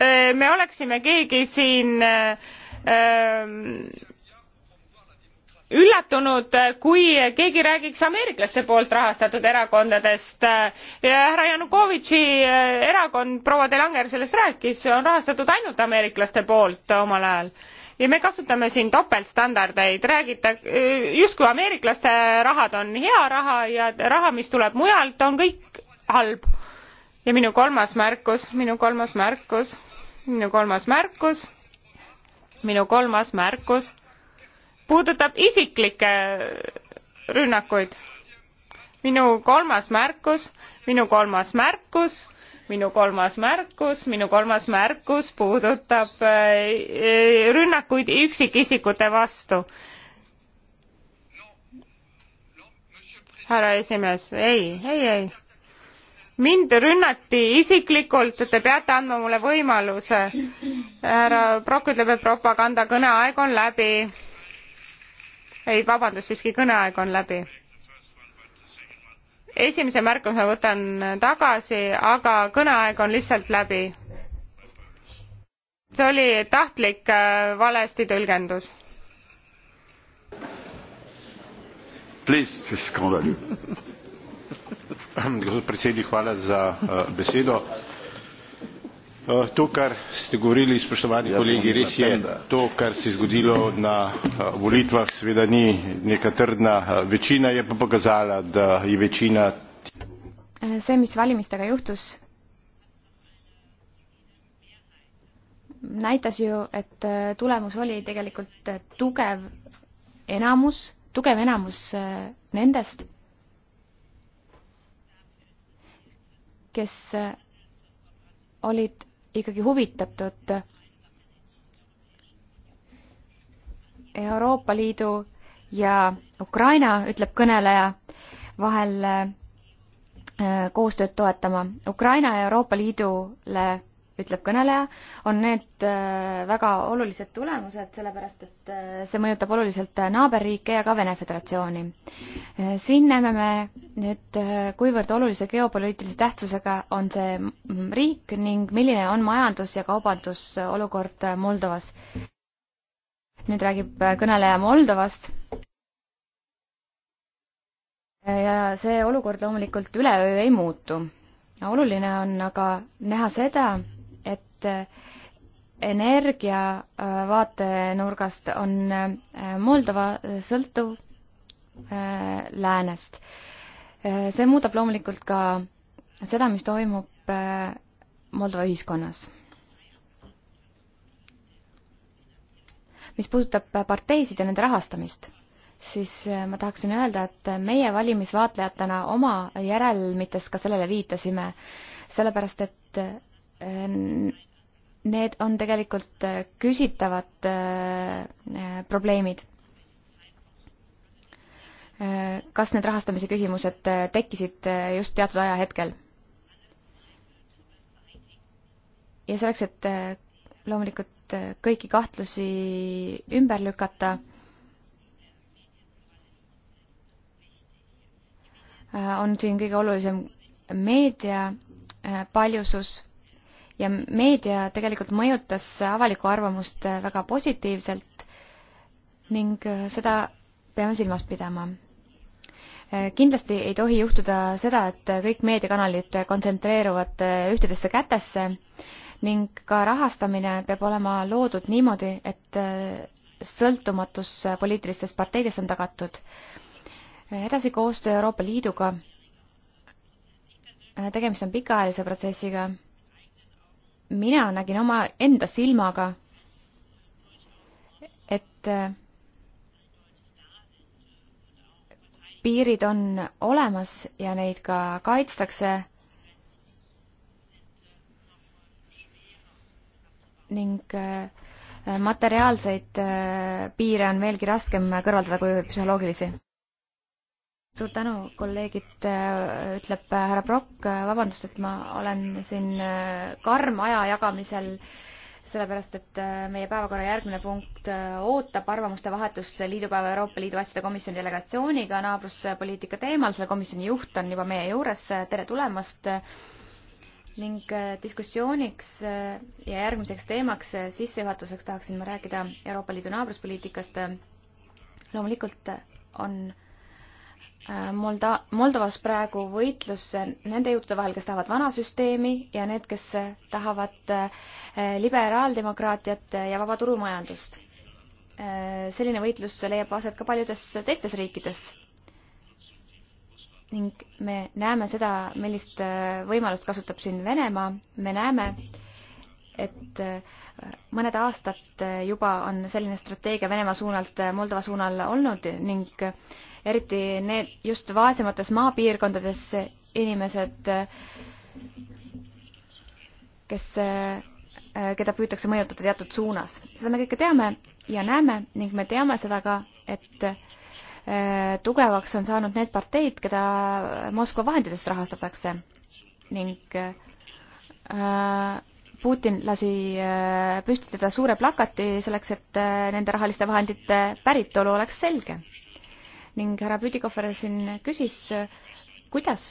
äh, me oleksime keegi siin öö, äh, ähm, üllatunud kui keegi räägiks ameeriklaste poolt rahastatud erakondadest härra janukovitši eh, erakond proua de langer sellest rääkis on rahastatud ainult ameeriklaste poolt omal ajal ja me kasutame siin topeltstandardeid räägita eh, justkui ameeriklaste rahad on hea raha ja raha mis tuleb mujalt on kõik halb ja minu kolmas märkus minu kolmas märkus minu kolmas märkus minu kolmas märkus puudutab isiklikke rünnakuid. minu kolmas märkus, minu kolmas märkus, minu kolmas märkus, minu kolmas märkus puudutab äh, rünnakuid üksikisikute vastu. härra esimees, ei, ei, ei mind rünnati isiklikult, te peate andma mulle võimaluse. härra Prokk ütleb, et propagandakõne aeg on läbi ei, vabandust, siiski kõneaeg on läbi. esimese märkuse võtan tagasi, aga kõneaeg on lihtsalt läbi. see oli tahtlik äh, valesti tõlgendus. Please, c'est scandaleux. Gospod predsednik, hvala za äh, besedo Eh, to, kar ste govorili, spoštovani kolegi, res je, to, kar se je zgodilo na eh, volitvah, seveda ni neka trdna eh, večina, je pa pokazala, da je večina. see, mis valimistega juhtus, näitas ju, et tulemus oli tegelikult tugev enamus, tugev enamus nendest, kes olid ikkagi huvitatud Euroopa Liidu ja Ukraina, ütleb kõneleja, vahel äh, koostööd toetama. Ukraina ja Euroopa Liidule ütleb kõneleja, on need äh, väga olulised tulemused, sellepärast et äh, see mõjutab oluliselt äh, naaberriike ja ka Vene Föderatsiooni. siin näeme me nüüd, kuivõrd olulise geopoliitilise tähtsusega on see riik ning milline on majandus- ja kaubandusolukord Moldovas. nüüd räägib kõneleja Moldovast ja see olukord loomulikult üleöö ei muutu. oluline on aga näha seda, et energia äh, vaatenurgast on äh, Moldova sõltuv äh, läänest. see muudab loomulikult ka seda, mis toimub Moldova ühiskonnas. mis puudutab parteisid ja nende rahastamist, siis ma tahaksin öelda, et meie valimisvaatlejatena oma järelmites ka sellele viitasime, sellepärast et need on tegelikult äh, küsitavad äh, äh, probleemid. kas need rahastamise küsimused tekkisid just teatud ajahetkel? ja selleks, et loomulikult kõiki kahtlusi ümber lükata, on siin kõige olulisem meedia paljusus ja meedia tegelikult mõjutas avalikku arvamust väga positiivselt ning seda peame silmas pidama. kindlasti ei tohi juhtuda seda, et kõik meediakanalid kontsentreeruvad ühtedesse kätesse ning ka rahastamine peab olema loodud niimoodi, et sõltumatus poliitilistes parteides on tagatud. edasi koostöö Euroopa Liiduga. tegemist on pikaajalise protsessiga mina nägin omaenda silmaga, et äh, piirid on olemas ja neid ka kaitstakse ning äh, materiaalseid äh, piire on veelgi raskem kõrvaldada kui psühholoogilisi suur tänu, kolleegid, äh, ütleb äh, härra Brock, äh, vabandust, et ma olen siin karm aja jagamisel, sellepärast et meie päevakorra järgmine punkt ootab arvamuste vahetus liidupäeva Euroopa Liidu asjade komisjoni delegatsiooniga naabruspoliitika teemal, selle komisjoni juht on juba meie juures, tere tulemast! ning diskussiooniks ja järgmiseks teemaks sissejuhatuseks tahaksin ma rääkida Euroopa Liidu naabruspoliitikast. loomulikult on äh, Äh, Molda-, Moldovas praegu võitlus nende juhtude vahel, kes tahavad vana süsteemi ja need, kes äh, tahavad äh, liberaaldemokraatiat ja vaba turumajandust. selline võitlus leiab aset ka paljudes teistes riikides. ning me näeme seda, millist võimalust kasutab siin Venemaa, me näeme, et mõned aastad juba on selline strateegia Venemaa suunalt Moldova suunal olnud ning eriti need just vaesemates maapiirkondades inimesed, kes, keda püütakse mõjutada teatud suunas. seda me kõike teame ja näeme ning me teame seda ka, et eh, tugevaks on saanud need parteid, keda Moskva vahenditest rahastatakse ning eh, Putin lasi eh, püstitada suure plakati selleks, et nende rahaliste vahendite päritolu oleks selge ning härra Püdikohver siin küsis, kuidas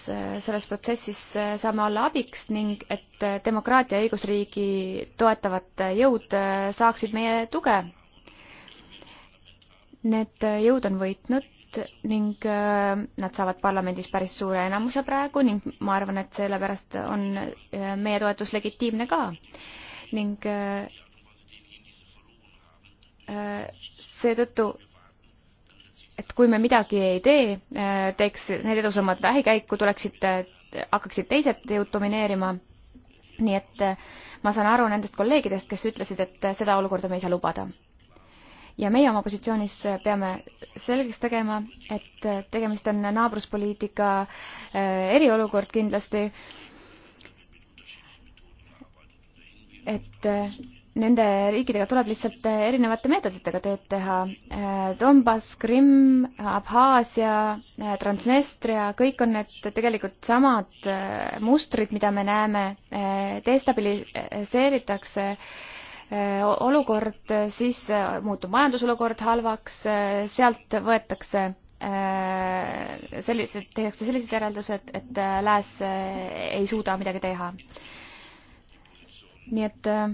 selles protsessis saame olla abiks ning et demokraatia ja õigusriigi toetavad jõud saaksid meie tuge. Need jõud on võitnud ning nad saavad parlamendis päris suure enamuse praegu ning ma arvan, et sellepärast on meie toetus legitiimne ka. ning äh, seetõttu et kui me midagi ei tee, äh, teeks need edusammad vähikäiku, tuleksid, äh, hakkaksid teised jõud domineerima. nii et äh, ma saan aru nendest kolleegidest, kes ütlesid, et seda olukorda me ei saa lubada. ja meie oma positsioonis peame selgeks tegema, et tegemist on naabruspoliitika eriolukord kindlasti, et nende riikidega tuleb lihtsalt eh, erinevate meetoditega tööd teha. Eh, Donbass, Krimm, Abhaasia, eh, Transnistria, kõik on need tegelikult samad mustrid, mida me näeme, destabiliseeritakse olukord, siis muutub majandusolukord halvaks, sealt võetakse sellised, tehakse sellised järeldused, et lääs ei suuda midagi teha. nii et äh,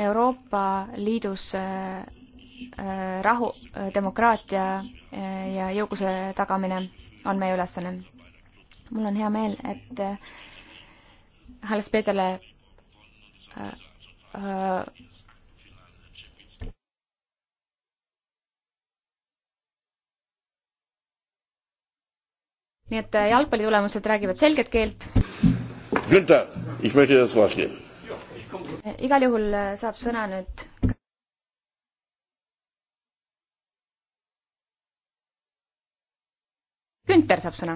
Euroopa Liidus äh, äh, rahu, äh, demokraatia ja jõukuse tagamine on meie ülesanne. mul on hea meel, et Hannes Peeterle nii et jalgpallitulemused räägivad selget keelt. Günther, ich möchte das Wort geben igal juhul äh, saab sõna nüüd Günter saab sõna.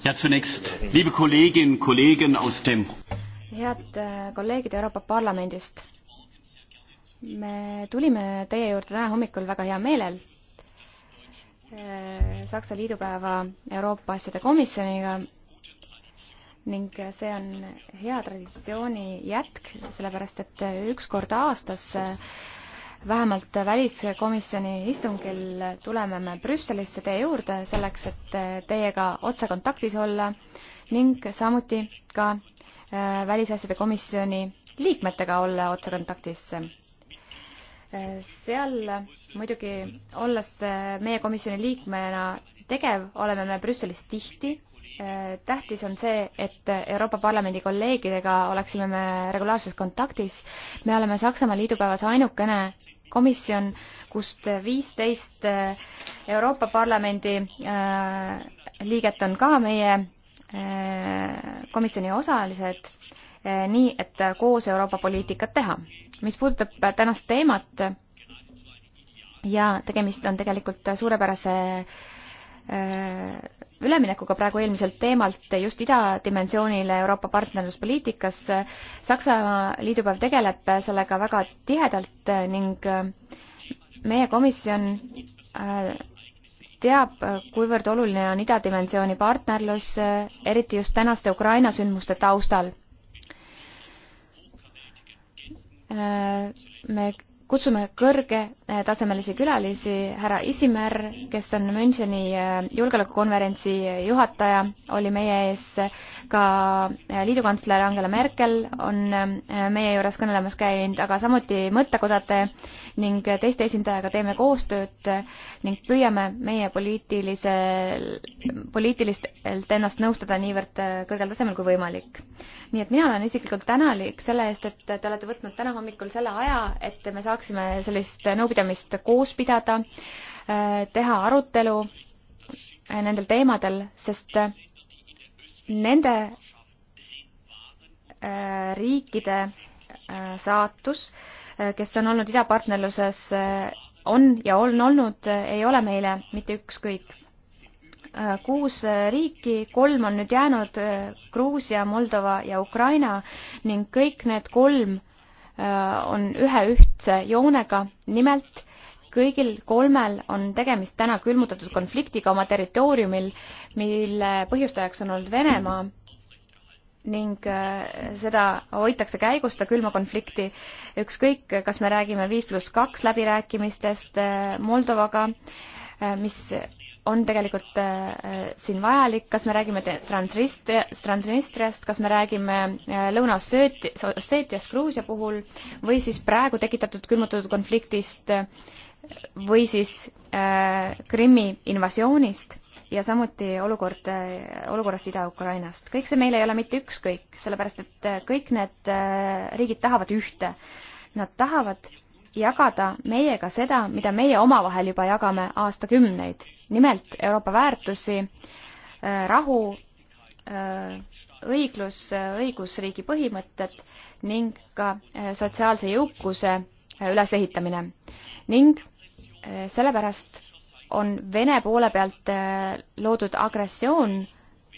Ja, zunächst, liebe Kolleginnen und Kollegen aus dem head äh, kolleegid Euroopa Parlamendist me tulime teie juurde täna hommikul väga hea meelel eh, Saksa liidupäeva Euroopa asjade komisjoniga ning see on hea traditsiooni jätk, sellepärast et üks kord aastas eh, vähemalt väliskomisjoni istungil tuleme me Brüsselisse teie juurde selleks, et eh, teiega otsekontaktis olla ning samuti ka välisasjade komisjoni liikmetega olla otsekontaktis seal muidugi, olles meie komisjoni liikmena tegev, oleme me Brüsselis tihti. tähtis on see, et Euroopa Parlamendi kolleegidega oleksime me regulaarses kontaktis. me oleme Saksamaa liidupäevas ainukene komisjon, kust viisteist äh, Euroopa Parlamendi äh, liiget on ka meie äh, komisjoni osalised, nii et koos Euroopa poliitikat teha mis puudutab tänast teemat ja tegemist on tegelikult suurepärase äh, üleminekuga praegu eelmiselt teemalt just idadimensioonile Euroopa partnerluspoliitikas. Saksamaa liidupäev tegeleb sellega väga tihedalt ning äh, meie komisjon äh, teab, kuivõrd oluline on idadimensiooni partnerlus, eriti just tänaste Ukraina sündmuste taustal. me kutsume kõrgetasemelisi eh, külalisi, härra Isimäär, kes on Müncheni eh, julgeolekukonverentsi juhataja, oli meie ees, ka eh, liidukantsler Angela Merkel on meie juures kõnelemas käinud, aga samuti mõttekodade ning teiste esindajaga teeme koostööd ning püüame meie poliitilise, poliitilistelt ennast nõustada niivõrd kõrgel tasemel kui võimalik nii et mina olen isiklikult tänulik selle eest, et te olete võtnud täna hommikul selle aja, et me saaksime sellist nõupidamist koos pidada, äh, teha arutelu äh, nendel teemadel, sest äh, nende riikide saatus, kes on olnud idapartnerluses, on ja on olnud, ei ole meile mitte ükskõik Äh, kuus äh, riiki, kolm on nüüd jäänud, äh, Gruusia, Moldova ja Ukraina ning kõik need kolm on ühe ühtse joonega, nimelt kõigil kolmel on tegemist täna külmutatud konfliktiga oma territooriumil, mille põhjustajaks on olnud Venemaa ning seda hoitakse käigus, seda külma konflikti, ükskõik, kas me räägime viis pluss kaks läbirääkimistest Moldovaga, mis on tegelikult äh, äh, siin vajalik, kas me räägime Transnistriast, kas me räägime äh, Lõuna-Osseetiast Gruusia puhul või siis praegu tekitatud külmutatud konfliktist või siis Krimmi invasioonist ja samuti olukord, olukorrast Ida-Ukrainast. kõik see meil ei ole mitte ükskõik, sellepärast et kõik need riigid tahavad ühte. Nad tahavad jagada meiega seda, mida meie omavahel juba jagame aastakümneid, nimelt Euroopa väärtusi, äh, rahu, äh, õiglus, äh, õigusriigi põhimõtted ning ka sotsiaalse jõukuse ülesehitamine. ning sellepärast on Vene poole pealt loodud agressioon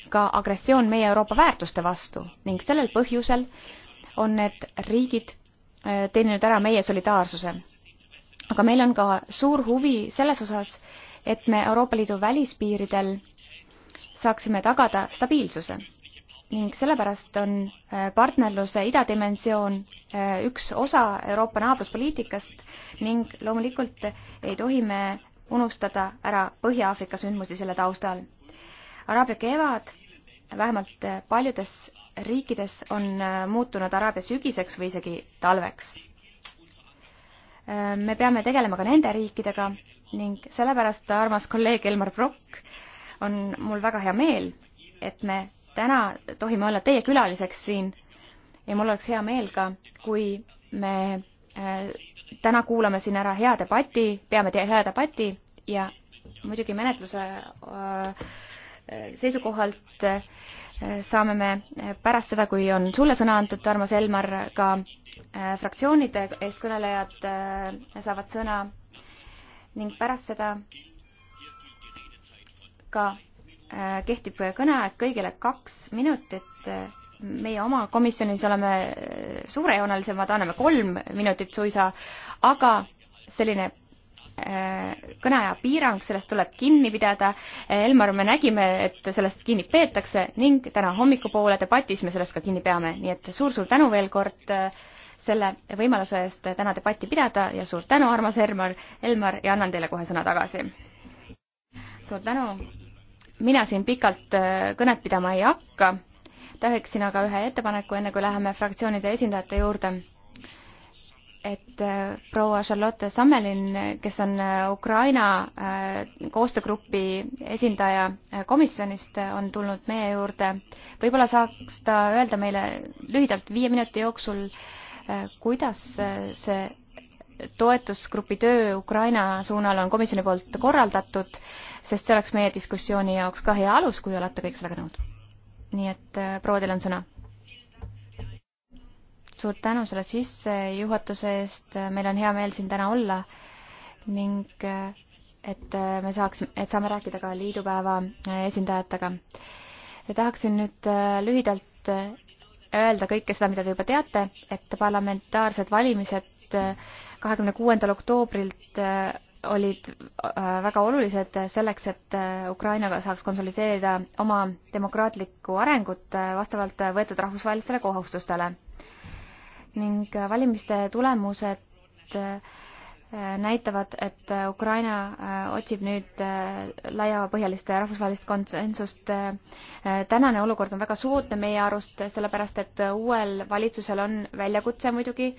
ka agressioon meie Euroopa väärtuste vastu ning sellel põhjusel on need riigid Äh, teeninud ära meie solidaarsuse. aga meil on ka suur huvi selles osas, et me Euroopa Liidu välispiiridel saaksime tagada stabiilsuse ning sellepärast on äh, partnerluse idadimensioon äh, üks osa Euroopa naabruspoliitikast ning loomulikult ei tohi me unustada ära Põhja-Aafrika sündmusi selle taustal. Araabia kevad vähemalt paljudes riikides on äh, muutunud Araabia sügiseks või isegi talveks. Äh, me peame tegelema ka nende riikidega ning sellepärast, armas kolleeg Elmar Brokk, on mul väga hea meel, et me täna tohime olla teie külaliseks siin ja mul oleks hea meel ka, kui me äh, täna kuulame siin ära hea debati, peame hea debati ja muidugi menetluse äh, seisukohalt äh, saame me pärast seda, kui on sulle sõna antud, Tarmo Selmar, ka äh, fraktsioonide eestkõnelejad äh, saavad sõna ning pärast seda ka kehtib kõneaeg kõigile kaks minutit. meie oma komisjonis oleme suurejoonelisemad, anname kolm minutit suisa, aga selline Äh, kõneaja piirang, sellest tuleb kinni pidada. Äh, Elmar, me nägime, et sellest kinni peetakse ning täna hommikupoole debatis me sellest ka kinni peame, nii et suur-suur tänu veel kord äh, selle võimaluse eest täna debatti pidada ja suur tänu, armas Elmar, Elmar ja annan teile kohe sõna tagasi. suur tänu. mina siin pikalt kõnet pidama ei hakka, tahaksin aga ühe ettepaneku, enne kui läheme fraktsioonide esindajate juurde et äh, proua Charlotte Sammelin, kes on äh, Ukraina äh, koostöögrupi esindaja komisjonist, on tulnud meie juurde. võib-olla saaks ta öelda meile lühidalt viie minuti jooksul, kuidas see toetusgrupi töö Ukraina suunal on komisjoni poolt korraldatud, sest see oleks meie diskussiooni jaoks ka hea alus, kui olete kõik sellega nõus. nii et proua, teil on sõna suur tänu selle sissejuhatuse eest, meil on hea meel siin täna olla ning et me saaksime, et saame rääkida ka liidupäeva esindajatega. tahaksin nüüd äh, lühidalt äh, öelda kõike seda, mida te juba teate, et parlamentaarsed valimised äh, kahekümne kuuendal oktoobrilt olid väga olulised selleks, et Ukrainaga saaks konsolideerida oma demokraatlikku arengut vastavalt võetud rahvusvahelistele kohustustele ning äh, valimiste tulemused äh, näitavad, et äh, Ukraina otsib nüüd laiapõhjalist rahvusvahelist konsensust. tänane olukord on väga soodne meie arust, sellepärast et uuel valitsusel on väljakutse muidugi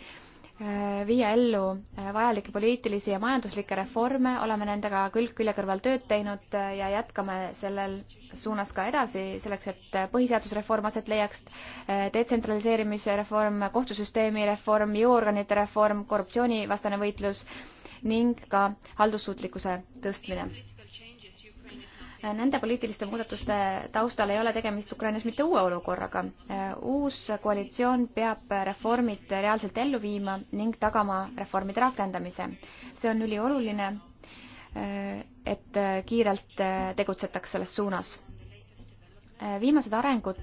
Äh, viia ellu äh, vajalikke poliitilisi ja majanduslikke reforme, oleme nendega külg külje kõrval tööd teinud äh, ja jätkame sellel suunas ka edasi, selleks et põhiseadusreform aset leiaks, detsentraliseerimise reform, kohtusüsteemi reform, jõuorganite reform, korruptsioonivastane võitlus ning ka haldussuutlikkuse tõstmine Nende poliitiliste muudatuste taustal ei ole tegemist Ukrainas mitte uue olukorraga. uus koalitsioon peab reformid reaalselt ellu viima ning tagama reformide rakendamise. see on ülioluline, et kiirelt tegutsetaks selles suunas. viimased arengud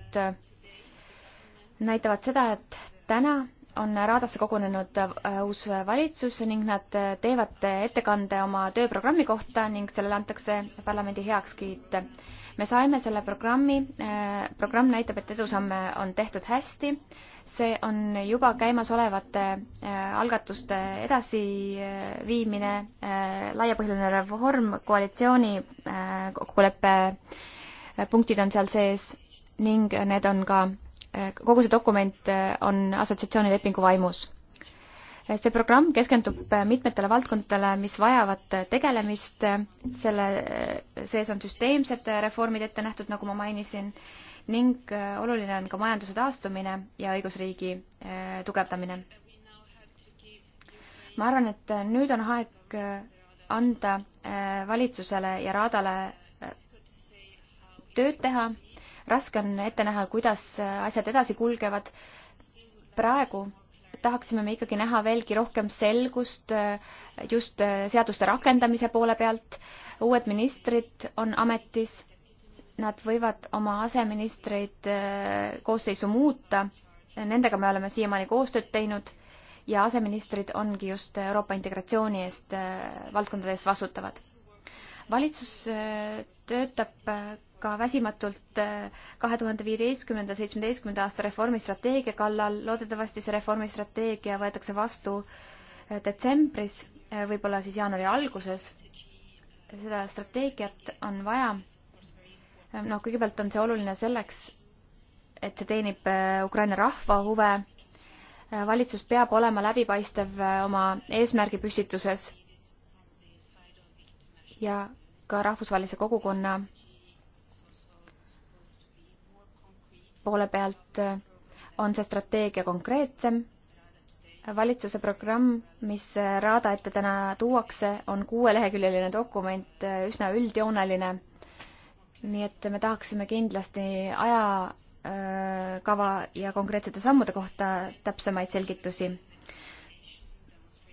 näitavad seda, et täna on Raadasse kogunenud äh, uus valitsus ning nad äh, teevad äh, ettekande oma tööprogrammi kohta ning sellele antakse parlamendi heakskiit. me saime selle programmi, programm näitab, et edusamme on tehtud hästi, see on juba käimasolevate algatuste edasiviimine, laiapõhjaline reform, koalitsiooni kokkuleppe punktid on seal sees ning need on ka kogu see dokument eh, on assotsiatsioonilepingu vaimus. Eh, see programm keskendub eh, mitmetele valdkondadele, mis vajavad tegelemist, selle sees on süsteemsed reformid ette nähtud, nagu ma mainisin, ning oluline on ka majanduse taastumine ja õigusriigi tugevdamine. ma arvan, et nüüd on aeg anda valitsusele ja Raadale tööd teha raske on ette näha, kuidas asjad edasi kulgevad. praegu tahaksime me ikkagi näha veelgi rohkem selgust äh, just äh, seaduste rakendamise poole pealt. uued ministrid on ametis, nad võivad oma aseministreid äh, koosseisu muuta, nendega me oleme siiamaani koostööd teinud ja aseministrid ongi just Euroopa integratsiooni eest valdkondades vastutavad valitsus äh, töötab äh, ka väsimatult äh, kahe tuhande viieteistkümnenda, seitsmeteistkümnenda aasta reformistrateegia kallal, loodetavasti see reformistrateegia võetakse vastu detsembris, võib-olla siis jaanuari alguses. seda strateegiat on vaja. noh, kõigepealt on see oluline selleks, et see teenib Ukraina rahva huve. valitsus peab olema läbipaistev oma eesmärgipüstituses ja ka rahvusvahelise kogukonna poole pealt on see strateegia konkreetsem. valitsuse programm, mis Raada ette täna tuuakse, on kuueleheküljeline dokument, üsna üldjooneline. nii et me tahaksime kindlasti ajakava äh, ja konkreetsete sammude kohta täpsemaid selgitusi.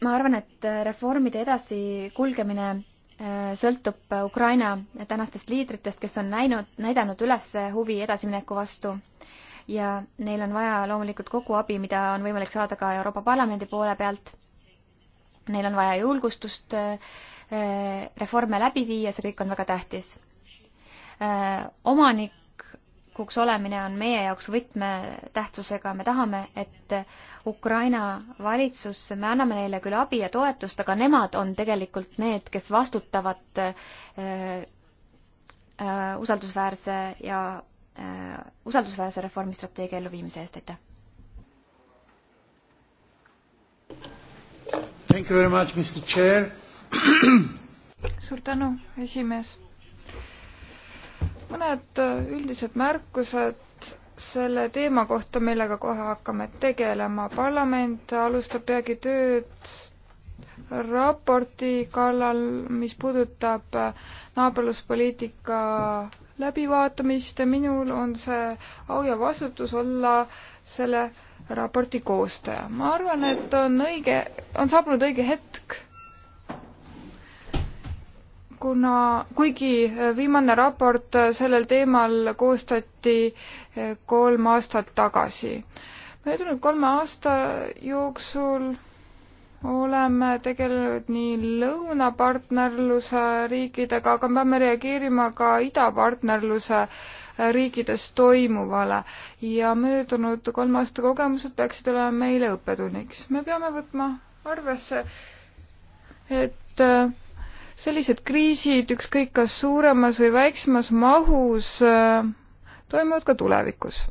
ma arvan, et reformide edasikulgemine Äh, sõltub äh, Ukraina tänastest liidritest, kes on näinud, näidanud üles huvi edasimineku vastu ja neil on vaja loomulikult kogu abi, mida on võimalik saada ka Euroopa Parlamendi poole pealt. Neil on vaja julgustust äh, reforme läbi viia, see kõik on väga tähtis. omanik kodanikuks olemine on meie jaoks võtmetähtsusega, me tahame, et Ukraina valitsus, me anname neile küll abi ja toetust, aga nemad on tegelikult need, kes vastutavad äh, äh, usaldusväärse ja äh, usaldusväärse reformistrateegia elluviimise eest, aitäh! suur tänu, esimees mõned äh, üldised märkused selle teema kohta, millega kohe hakkame tegelema. parlament alustab peagi tööd raporti kallal, mis puudutab äh, naaberluspoliitika läbivaatamist ja minul on see au ja vastutus olla selle raporti koostaja. ma arvan, et on õige, on saabunud õige hetk kuna, kuigi viimane raport sellel teemal koostati eh, kolm aastat tagasi. möödunud kolme aasta jooksul oleme tegelenud nii lõunapartnerluse riikidega, aga me peame reageerima ka idapartnerluse eh, riikides toimuvale ja möödunud kolme aasta kogemused peaksid olema meile õppetunniks. me peame võtma arvesse, et eh, sellised kriisid, ükskõik kas suuremas või väiksemas mahus, äh, toimuvad ka tulevikus.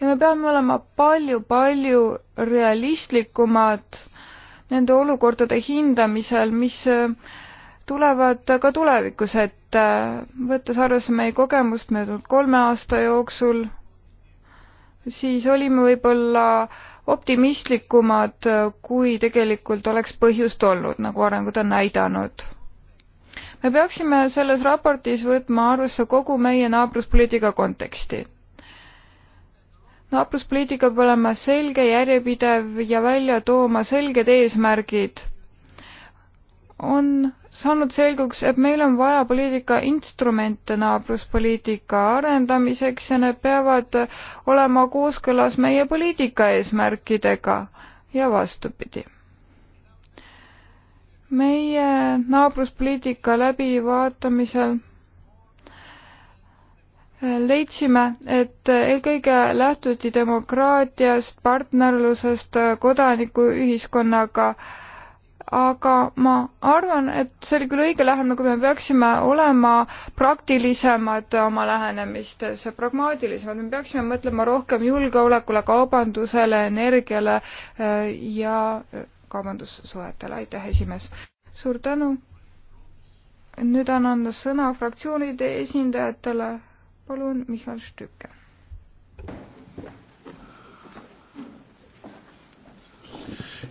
ja me peame olema palju-palju realistlikumad nende olukordade hindamisel, mis äh, tulevad ka tulevikus, et äh, võttes arvesse meie kogemust möödunud kolme aasta jooksul, siis olime võib-olla äh, optimistlikumad, kui tegelikult oleks põhjust olnud, nagu arengud on näidanud. me peaksime selles raportis võtma arvesse kogu meie naabruspoliitika konteksti. naabruspoliitika peab olema selge, järjepidev ja välja tooma selged eesmärgid. on saanud selguks, et meil on vaja poliitikainstrumente naabruspoliitika arendamiseks ja need peavad olema kooskõlas meie poliitika eesmärkidega ja vastupidi. meie naabruspoliitika läbivaatamisel leidsime, et eelkõige lähtuti demokraatiast, partnerlusest kodanikuühiskonnaga äh, aga ma arvan, et see oli küll õige lähenemine, kui me peaksime olema praktilisemad oma lähenemistes, pragmaatilisemad, me peaksime mõtlema rohkem julgeolekule, kaubandusele, energiale eh, ja eh, kaubandussuhetele, aitäh, esimees. suur tänu. nüüd annan sõna fraktsioonide esindajatele. palun, Mihhail Stüke.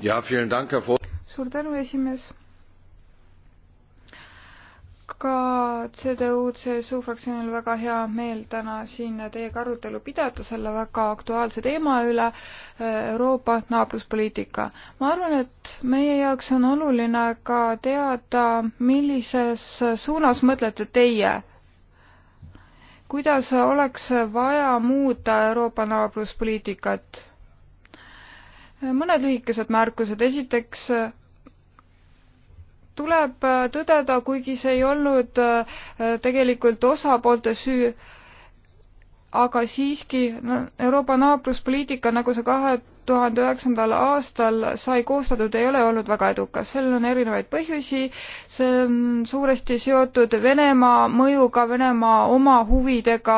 ja, vielen Dank, Herr Vor- suur tänu, esimees. ka CDU-CSU fraktsioonil väga hea meel täna siin teiega arutelu pidada selle väga aktuaalse teema üle, eh, Euroopa naabruspoliitika. ma arvan, et meie jaoks on oluline ka teada, millises suunas mõtlete teie kuidas oleks vaja muuta Euroopa naabruspoliitikat? mõned lühikesed märkused. esiteks, tuleb äh, tõdeda, kuigi see ei olnud äh, tegelikult osapoolte süü, aga siiski no, Euroopa naabruspoliitika, nagu see kahe tuhande üheksandal aastal sai koostatud, ei ole olnud väga edukas. sellel on erinevaid põhjusi, see on suuresti seotud Venemaa mõjuga, Venemaa oma huvidega,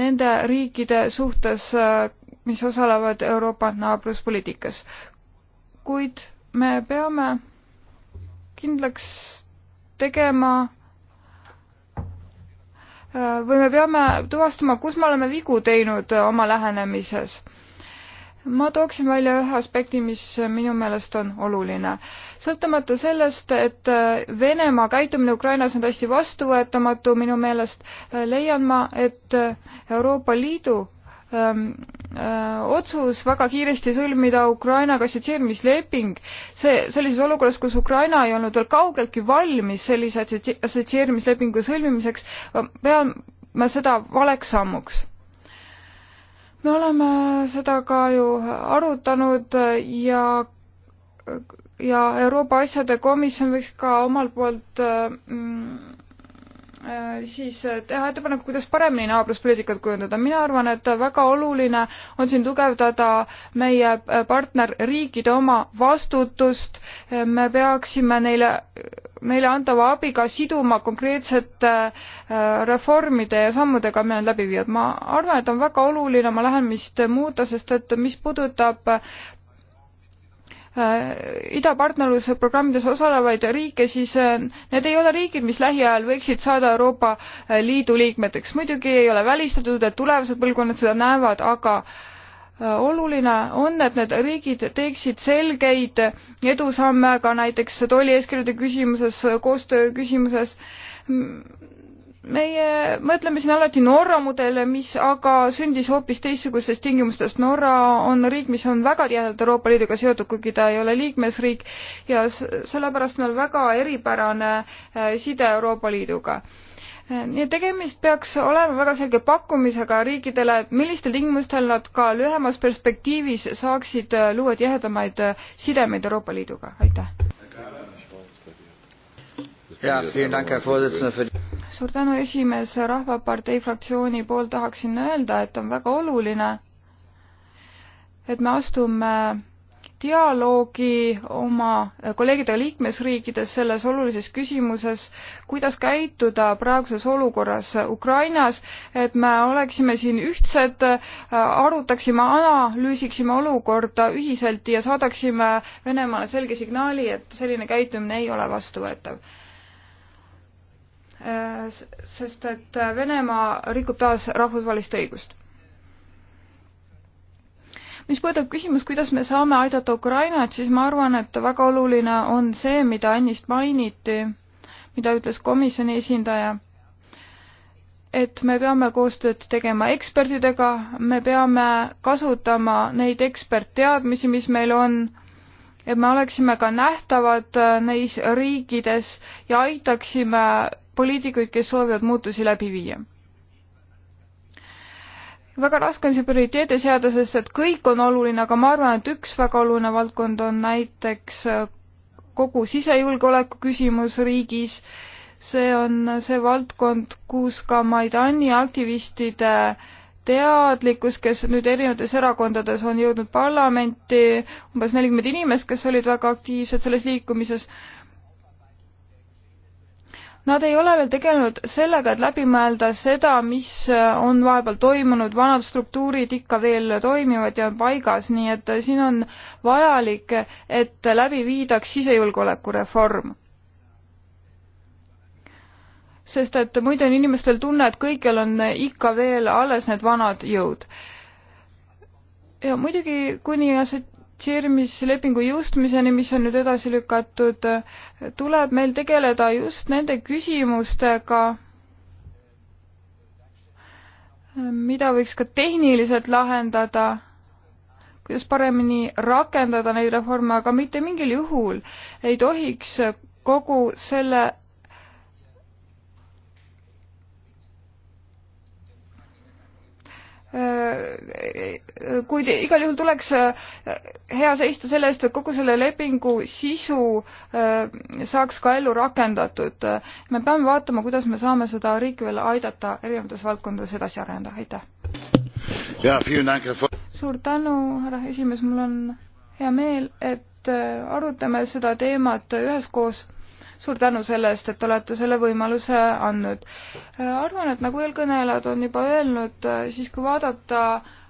nende riikide suhtes, äh, mis osalevad Euroopa naabruspoliitikas. kuid me peame kindlaks tegema või me peame tuvastama, kus me oleme vigu teinud oma lähenemises. ma tooksin välja ühe aspekti, mis minu meelest on oluline. sõltumata sellest, et Venemaa käitumine Ukrainas on täiesti vastuvõetamatu minu meelest, leian ma, et Euroopa Liidu Ähm, äh, otsus väga kiiresti sõlmida Ukrainaga assotsieerimisleping, see sellises olukorras, kus Ukraina ei olnud veel kaugeltki valmis sellise assotsieerimislepingu sõlmimiseks, äh, peame seda valeks sammuks. me oleme seda ka ju arutanud ja ja Euroopa asjade komisjon võiks ka omalt poolt äh, mm, Äh, siis äh, teha ettepanek, kuidas paremini naabruspoliitikat kujundada. mina arvan, et väga oluline on siin tugevdada meie äh, partnerriikide oma vastutust. me peaksime neile, neile antava abiga siduma konkreetsete reformide ja sammudega, mida nad läbi viivad. ma arvan, et on väga oluline oma lähenemist muuta, sest et mis puudutab Äh, idapartnerluse programmides osalevaid riike, siis äh, need ei ole riigid, mis lähiajal võiksid saada Euroopa äh, Liidu liikmeteks. muidugi ei ole välistatud, et tulevased põlvkonnad seda näevad, aga oluline on, et need riigid teeksid selgeid edusamme ka näiteks tollieeskirjade küsimuses, koostöö küsimuses meie mõtleme siin alati Norra mudele, mis aga sündis hoopis teistsugustest tingimustest. Norra on riik, mis on väga tihedalt Euroopa Liiduga seotud, kuigi ta ei ole liikmesriik ja sellepärast on väga eripärane äh, side Euroopa Liiduga äh, nii et tegemist peaks olema väga selge pakkumisega riikidele, et millistel tingimustel nad ka lühemas perspektiivis saaksid äh, luua tihedamaid sidemeid Euroopa Liiduga, aitäh suur tänu, esimees, Rahvapartei fraktsiooni poolt tahaksin öelda, et on väga oluline, et me astume dialoogi oma kolleegidega liikmesriikides selles olulises küsimuses, kuidas käituda praeguses olukorras Ukrainas, et me oleksime siin ühtsed, arutaksime, analüüsiksime olukorda ühiselt ja saadaksime Venemaale selge signaali, et selline käitumine ei ole vastuvõetav. Äh, sest et äh, Venemaa rikub taas rahvusvahelist õigust. mis puudutab küsimust, kuidas me saame aidata Ukrainat, siis ma arvan, et väga oluline on see, mida ennist mainiti, mida ütles komisjoni esindaja, et me peame koostööd tegema ekspertidega, me peame kasutama neid ekspertteadmisi, mis meil on et me oleksime ka nähtavad äh, neis riikides ja aitaksime poliitikuid, kes soovivad muutusi läbi viia. väga raske on siin prioriteete seada, sest et kõik on oluline, aga ma arvan, et üks väga oluline valdkond on näiteks kogu sisejulgeoleku küsimus riigis. see on see valdkond, kus ka Maidani aktivistide teadlikkus, kes nüüd erinevates erakondades on jõudnud parlamenti, umbes nelikümmend inimest, kes olid väga aktiivsed selles liikumises Nad ei ole veel tegelenud sellega, et läbi mõelda seda, mis äh, on vahepeal toimunud, vanad struktuurid ikka veel toimivad ja on paigas, nii et äh, siin on vajalik, et läbi viidaks sisejulgeoleku reform sest et muidu on inimestel tunne, et kõigil on äh, ikka veel alles need vanad jõud. ja muidugi kuni asja assotsieerimislepingu jõustumiseni, mis on nüüd edasi lükatud, tuleb meil tegeleda just nende küsimustega, mida võiks ka tehniliselt lahendada, kuidas paremini rakendada neid reforme, aga mitte mingil juhul ei tohiks kogu selle Äh, kuid igal juhul tuleks äh, hea seista selle eest, et kogu selle lepingu sisu äh, saaks ka ellu rakendatud. me peame vaatama, kuidas me saame seda riiki veel aidata erinevates valdkondades edasi arendada, aitäh. suur tänu, härra esimees, mul on hea meel, et arutame seda teemat üheskoos suur tänu selle eest, et olete selle võimaluse andnud. Äh, arvan, et nagu eelkõnelejad on juba öelnud, äh, siis kui vaadata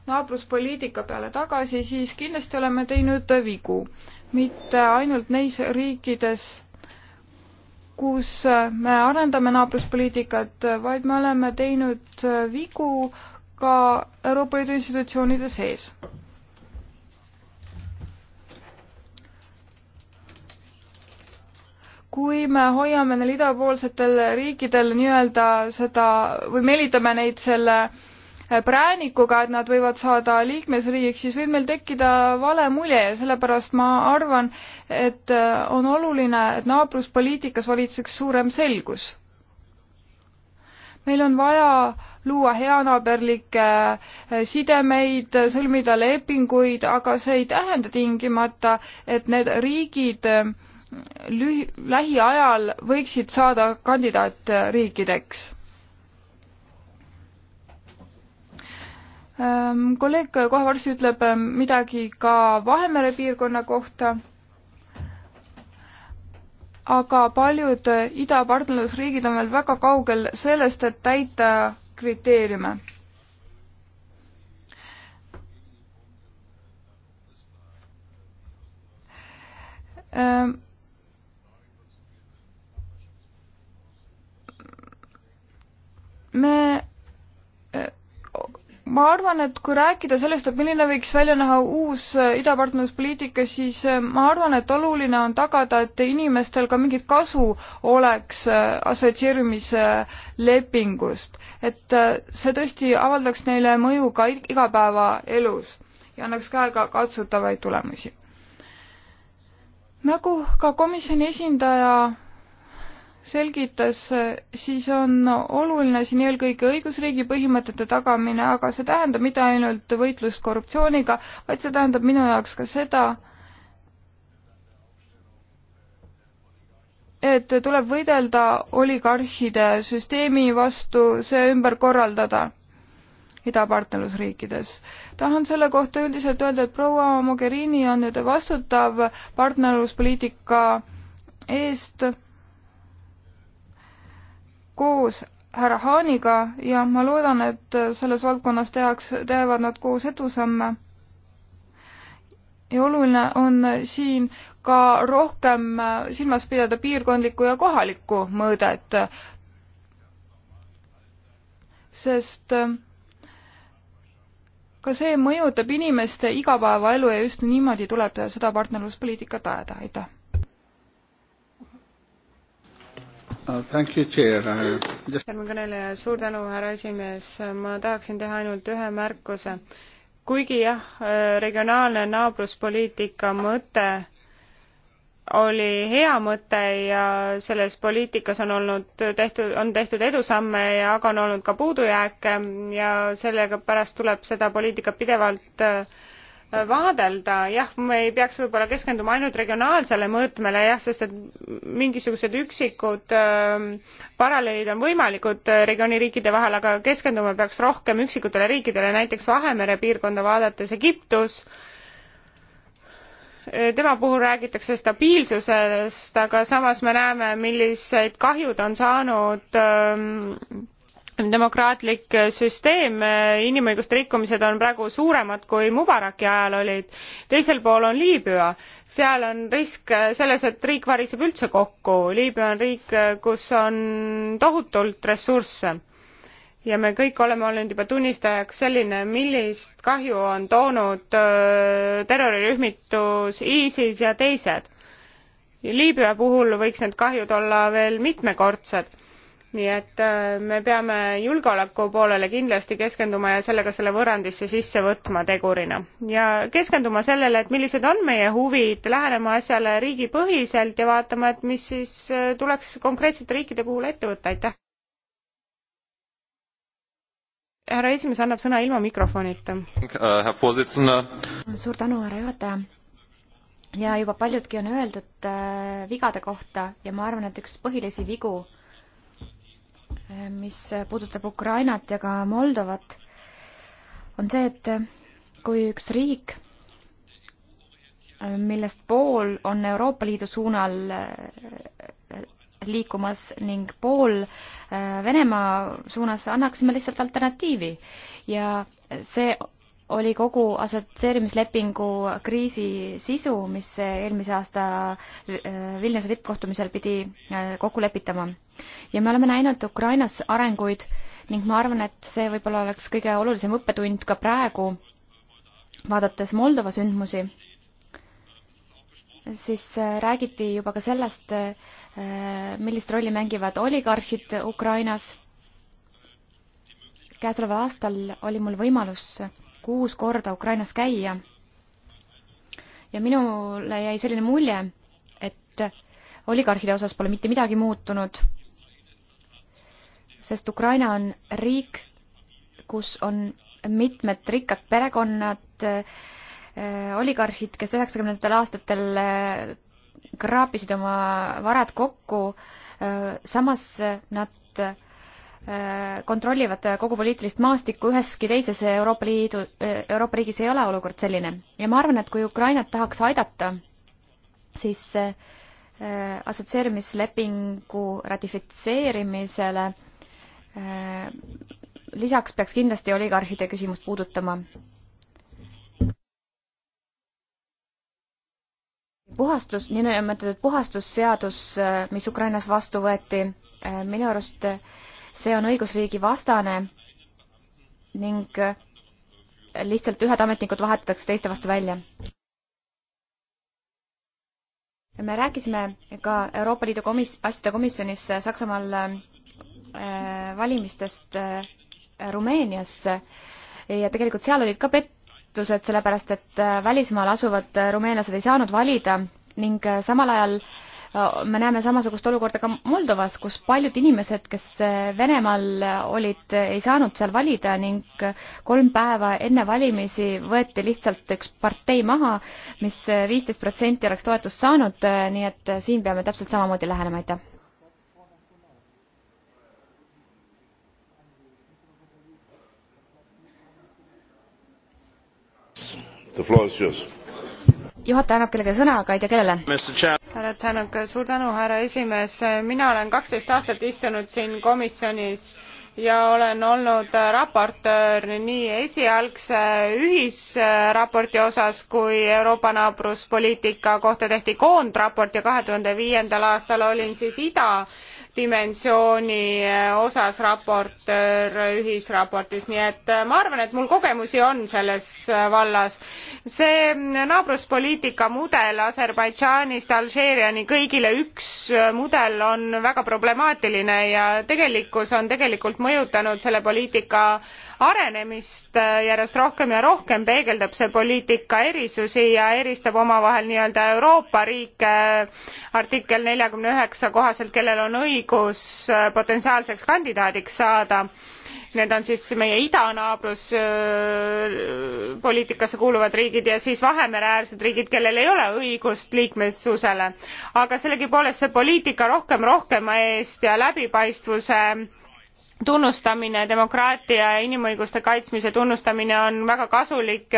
naabruspoliitika peale tagasi, siis kindlasti oleme teinud vigu. mitte ainult neis riikides, kus äh, me arendame naabruspoliitikat, vaid me oleme teinud vigu ka Euroopa Liidu institutsioonide sees kui me hoiame neil idapoolsetel riikidel nii-öelda seda või meelitame neid selle eh, präänikuga, et nad võivad saada liikmesriigiks, siis võib meil tekkida vale mulje ja sellepärast ma arvan, et eh, on oluline, et naabruspoliitikas valitseks suurem selgus. meil on vaja luua heanaaberlikke eh, sidemeid, sõlmida lepinguid, aga see ei tähenda tingimata, et need riigid äh, lühi-, lähiajal võiksid saada kandidaatriikideks. Ehm, kolleeg kohe varsti ütleb midagi ka Vahemere piirkonna kohta, aga paljud idapartnerlusriigid on veel väga kaugel sellest, et täita kriteeriume ähm,. me, eh, ma arvan, et kui rääkida sellest, et milline võiks välja näha uus eh, idapartnerluspoliitika, siis eh, ma arvan, et oluline on tagada, et inimestel ka mingit kasu oleks assotsieerumise lepingust, et see tõesti avaldaks neile mõju ka igapäevaelus ja annaks käega katsutavaid tulemusi. nagu ka komisjoni esindaja selgitas, siis on oluline siin eelkõige õigusriigi põhimõtete tagamine, aga see tähendab mitte ainult võitlust korruptsiooniga, vaid see tähendab minu jaoks ka seda, et tuleb võidelda oligarhide süsteemi vastu, see ümber korraldada idapartnerlusriikides. tahan selle kohta üldiselt öelda, et proua Mogherini on nüüd vastutav partnerluspoliitika eest koos härra Haaniga ja ma loodan, et selles valdkonnas tehakse, teevad nad koos edusamme. ja oluline on siin ka rohkem silmas pidada piirkondlikku ja kohalikku mõõdet, sest ka see mõjutab inimeste igapäevaelu ja just niimoodi tuleb seda partnerluspoliitikat ajada, aitäh! Uh, järgmine kõneleja, suur tänu, härra esimees, ma tahaksin teha ainult ühe märkuse. kuigi jah, äh, regionaalne naabruspoliitika mõte oli hea mõte ja selles poliitikas on olnud tehtud, on tehtud edusamme ja aga on olnud ka puudujääke ja sellega pärast tuleb seda poliitikat pidevalt äh, vaadelda, jah, me ei peaks võib-olla keskenduma ainult regionaalsele mõõtmele jah, sest et mingisugused üksikud äh, paralleelid on võimalikud äh, regiooni riikide vahel, aga keskenduma peaks rohkem üksikutele riikidele, näiteks Vahemere piirkonda vaadates Egiptus, äh, tema puhul räägitakse stabiilsusest, aga samas me näeme, millised kahjud on saanud äh, demokraatlik süsteem inimõiguste rikkumised on praegu suuremad kui mubaraki ajal olid teisel pool on liibüa seal on risk selles et riik variseb üldse kokku liibüa on riik kus on tohutult ressursse ja me kõik oleme olnud juba tunnistajaks selline millist kahju on toonud terrorirühmitus isis ja teised liibüa puhul võiks need kahjud olla veel mitmekordsed nii et äh, me peame julgeoleku poolele kindlasti keskenduma ja selle ka selle võrrandisse sisse võtma tegurina ja keskenduma sellele et millised on meie huvid lähenema asjale riigipõhiselt ja vaatama et mis siis äh, tuleks konkreetsete riikide puhul ette võtta aitäh härra esimees annab sõna ilma mikrofonita äh, suur tänu härra juhataja ja juba paljudki on öeldud äh, vigade kohta ja ma arvan et üks põhilisi vigu mis puudutab Ukrainat ja ka Moldovat, on see, et kui üks riik, millest pool on Euroopa Liidu suunal äh, liikumas ning pool äh, Venemaa suunas, annaksime lihtsalt alternatiivi ja see oli kogu assotsieerimislepingu kriisi sisu, mis eelmise aasta äh, Vilniuse tippkohtumisel pidi äh, kokku lepitama. ja me oleme näinud Ukrainas arenguid ning ma arvan, et see võib-olla oleks kõige olulisem õppetund ka praegu, vaadates Moldova sündmusi, siis äh, räägiti juba ka sellest, millist rolli mängivad oligarhid Ukrainas. käesoleval aastal oli mul võimalus kuus korda Ukrainas käia. ja minule jäi selline mulje, et oligarhide osas pole mitte midagi muutunud, sest Ukraina on riik, kus on mitmed rikkad perekonnad, äh, oligarhid, kes üheksakümnendatel aastatel äh, kraapisid oma varad kokku, äh, samas nad Äh, kontrollivad kogu poliitilist maastikku üheski teises Euroopa Liidu, äh, Euroopa riigis ei ole olukord selline. ja ma arvan, et kui Ukrainat tahaks aidata, siis äh, assotsieerimislepingu ratifitseerimisele lisaks peaks kindlasti oligarhide küsimust puudutama. puhastus, niinimetatud puhastusseadus, mis Ukrainas vastu võeti, minu arust äh, see on õigusriigi vastane ning lihtsalt ühed ametnikud vahetatakse teiste vastu välja. me rääkisime ka Euroopa Liidu komis-, asjade komisjonis Saksamaal äh, valimistest äh, Rumeenias ja tegelikult seal olid ka pettused, sellepärast et äh, välismaal asuvad äh, rumeenlased ei saanud valida ning äh, samal ajal äh, me näeme samasugust olukorda ka Moldovas, kus paljud inimesed, kes Venemaal olid, ei saanud seal valida ning kolm päeva enne valimisi võeti lihtsalt üks partei maha mis, mis viisteist protsenti oleks toetust saanud, nii et siin peame täpselt samamoodi lähenema, aitäh. The floor is yours juhataja annab kellelegi sõna, aga ei tea kellele. härra Tänak, suur tänu, härra esimees. mina olen kaksteist aastat istunud siin komisjonis ja olen olnud raportöör nii esialgse ühisraporti osas kui Euroopa naabruspoliitika kohta tehti koondraport ja kahe tuhande viiendal aastal olin siis ida dimensiooni eh, osas raportöör ühisraportis, nii et eh, ma arvan, et mul kogemusi on selles eh, vallas. see naabruspoliitika mudel Aserbaidžaanist Alžeeriani kõigile üks mudel on väga problemaatiline ja tegelikkus on tegelikult mõjutanud selle poliitika arenemist äh, järjest rohkem ja rohkem peegeldab see poliitika erisusi ja eristab omavahel nii-öelda Euroopa riike äh, artikkel neljakümne üheksa kohaselt, kellel on õigus äh, potentsiaalseks kandidaadiks saada need on siis meie idanaabrus poliitikasse kuuluvad riigid ja siis vahemereäärsed riigid kellel ei ole õigust liikmesusele aga sellegipoolest see poliitika rohkem rohkema eest ja läbipaistvuse tunnustamine demokraatia ja inimõiguste kaitsmise tunnustamine on väga kasulik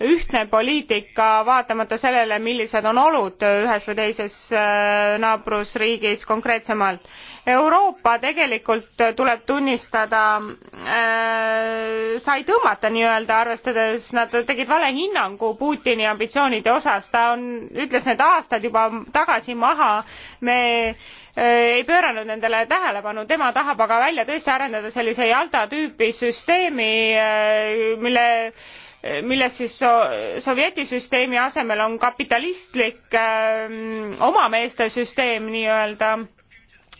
ühtne poliitika vaatamata sellele millised on olud ühes või teises äh, naabrusriigis konkreetsemalt. euroopa tegelikult tuleb tunnistada äh, sai tõmmata nii-öelda arvestades nad tegid vale hinnangu putini ambitsioonide osas ta on ütles need aastad juba tagasi maha me äh, Eh, ei pööranud nendele tähelepanu tema tahab aga välja tõesti arendada sellise jalta tüüpi süsteemi eh, mille eh, milles siis so- sovjetisüsteemi asemel on kapitalistlik öö, omameeste süsteem nii-öelda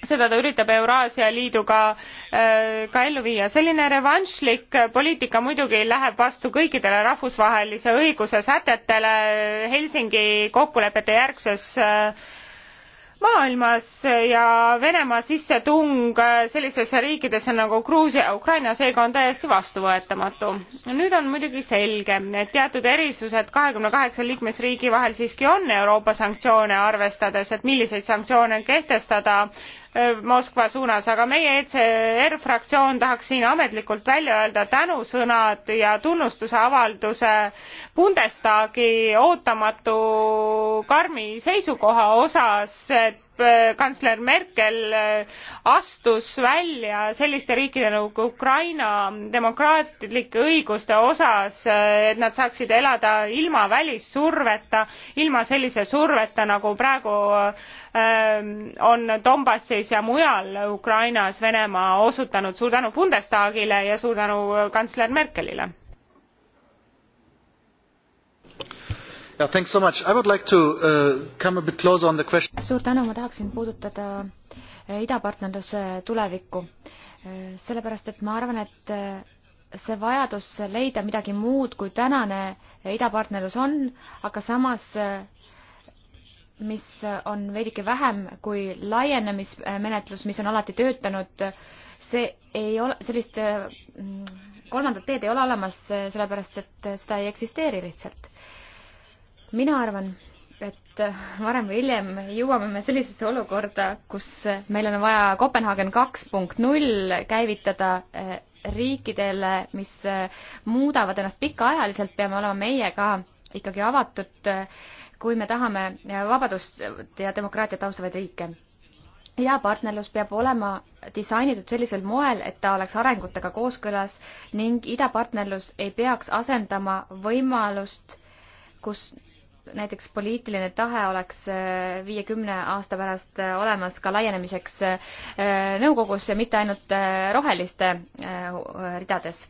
seda ta üritab Euraasia Liiduga öö, ka ellu viia. selline revanšlik poliitika muidugi läheb vastu kõikidele rahvusvahelise õiguse sätetele Helsingi kokkulepete järgses öö, maailmas ja Venemaa sissetung sellisesse riikidesse nagu Gruusia ja Ukraina seega on täiesti vastuvõetamatu. nüüd on muidugi selge, et teatud erisused kahekümne kaheksa liikmesriigi vahel siiski on Euroopa sanktsioone arvestades, et milliseid sanktsioone kehtestada Äh, Moskva suunas, aga meie ECR fraktsioon tahaks siin ametlikult välja öelda tänusõnad ja tunnustuse avalduse Bundestagi ootamatu karmi seisukoha osas, et äh, kantsler Merkel äh, astus välja selliste riikide nagu Ukraina demokraatlike õiguste osas, et nad saaksid elada ilma välissurveta, ilma sellise surveta, nagu praegu Ähm, on Donbassis ja mujal Ukrainas Venemaa osutanud. suur tänu Bundestagile ja suur tänu äh, kantsler Merkelile. Yeah, thanks so much. I would like to uh, come a bit closer on the question. suur tänu, ma tahaksin puudutada äh, idapartnerluse tulevikku, äh, sellepärast et ma arvan, et see vajadus leida midagi muud, kui tänane idapartnerlus on, aga samas mis äh, on veidike vähem kui laienemismenetlus, mis on alati töötanud, see ei ole, sellist äh, kolmandat teed ei ole olemas, äh, sellepärast et seda ei eksisteeri lihtsalt. mina arvan, et varem või hiljem jõuame me sellisesse olukorda, kus meil on vaja Kopenhaagen kaks punkt null käivitada riikidele, mis muudavad ennast pikaajaliselt, peame olema meie ka ikkagi avatud kui me tahame vabadust ja demokraatiat austavaid riike. idapartnerlus peab olema disainitud sellisel moel, et ta oleks arengutega kooskõlas ning idapartnerlus ei peaks asendama võimalust, kus näiteks poliitiline tahe oleks äh, viiekümne aasta pärast äh, olemas ka laienemiseks äh, nõukogus ja mitte ainult roheliste ridades.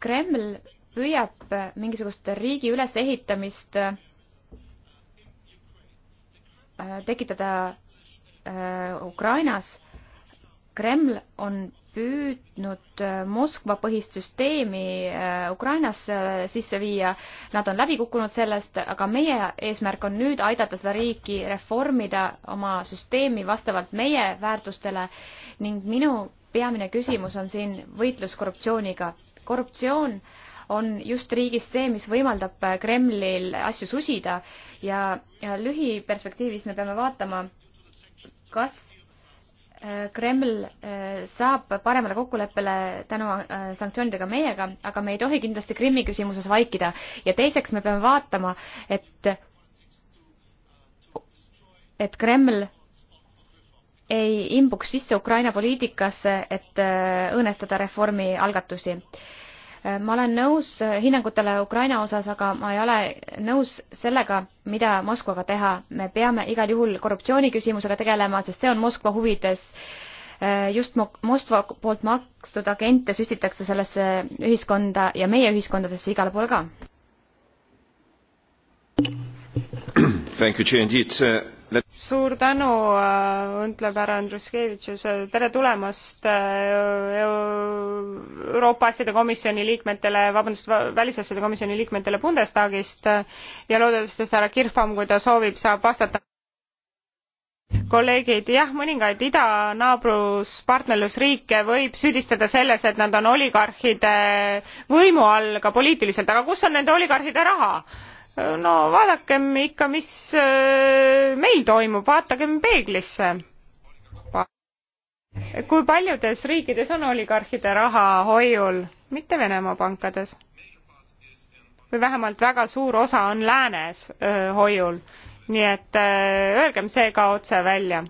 Kreml püüab mingisugust riigi ülesehitamist Äh, tekitada äh, Ukrainas. Kreml on püüdnud äh, Moskva põhist süsteemi Ukrainas sisse viia, nad on läbi kukkunud sellest, aga meie eesmärk on nüüd aidata seda riiki reformida oma süsteemi vastavalt meie väärtustele ning minu peamine küsimus on siin võitlus korruptsiooniga. korruptsioon äh, on just riigis see, mis võimaldab äh, Kremlil asju susida ja, ja lühiperspektiivis me peame vaatama, kas äh, Kreml äh, saab paremale kokkuleppele tänu sanktsioonidega meiega, aga me ei tohi kindlasti Krimmi küsimuses vaikida. ja teiseks me peame vaatama, et, et Kreml ei imbuks sisse Ukraina poliitikasse, et õõnestada reformi algatusi Äh, ma olen nõus äh, hinnangutele Ukraina osas, aga ma ei ole nõus sellega, mida Moskvaga teha. me peame igal juhul korruptsiooniküsimusega tegelema, sest see on Moskva huvides. Äh, just Moskva poolt makstud agente süstitakse sellesse ühiskonda ja meie ühiskondadesse igale poole ka. Thank you, Chair. Indeed, uh, suur tänu, äh, ütleb härra Andruskevitšus, tere tulemast äh, Euroopa asjade komisjoni liikmetele, vabandust, välisasjade komisjoni liikmetele Bundestagist äh, ja loodetavasti härra Kirchbaum, kui ta soovib, saab vastata kolleegid jah mõningaid idanaabruspartnerlusriike võib süüdistada selles et nad on oligarhide võimu all ka poliitiliselt aga kus on nende oligarhide raha? no vaadakem ikka, mis äh, meil toimub, vaatagem peeglisse. kui paljudes riikides on oligarhide raha hoiul, mitte Venemaa pankades? või vähemalt väga suur osa on läänes öö, äh, hoiul, nii et öö, äh, öelgem see ka otse välja.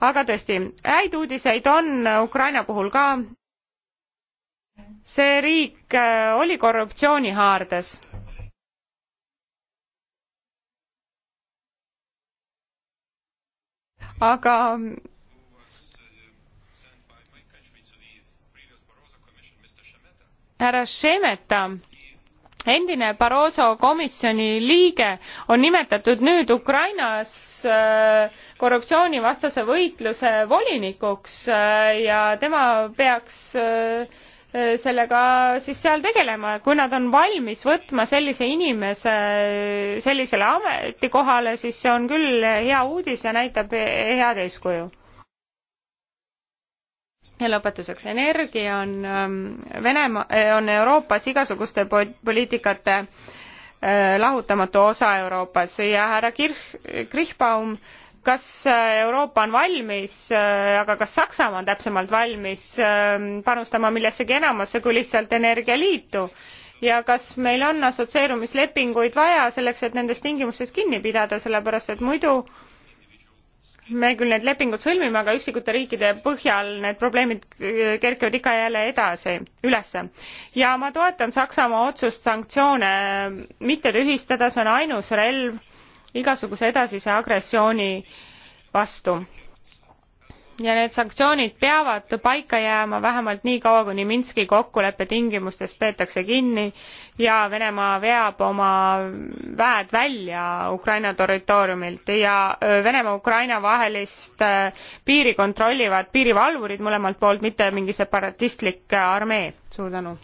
aga tõesti, häid uudiseid on Ukraina puhul ka. see riik öö, oli korruptsiooni haardes aga härra Šemeta, endine Barroso komisjoni liige, on nimetatud nüüd Ukrainas äh, korruptsioonivastase võitluse volinikuks äh, ja tema peaks äh, Äh, sellega siis seal tegelema, kui nad on valmis võtma sellise inimese äh, sellisele ametikohale, siis see on küll hea uudis ja näitab head eeskuju. ja lõpetuseks, energia on ähm, Venemaa, äh, on Euroopas igasuguste poliitikate lahutamatu osa Euroopas ja härra Kirch, Krichbaum kas äh, Euroopa on valmis, äh, aga kas Saksamaa on täpsemalt valmis ähm, panustama millessegi enamasse kui lihtsalt energialiitu? ja kas meil on assotsieerumislepinguid vaja selleks, et nendest tingimustest kinni pidada, sellepärast et muidu me küll need lepingud sõlmime, aga üksikute riikide põhjal need probleemid äh, kerkivad ikka ja jälle edasi, ülesse. ja ma toetan Saksamaa otsust sanktsioone mitte tühistada, see on ainus relv igasuguse edasise agressiooni vastu ja need sanktsioonid peavad paika jääma vähemalt nii kaua kuni minski kokkuleppe tingimustest peetakse kinni ja venemaa veab oma väed välja ukraina territooriumilt ja venemaa ukraina vahelist piiri kontrollivad piirivalvurid mõlemalt poolt mitte mingi separatistlik armee suur tänu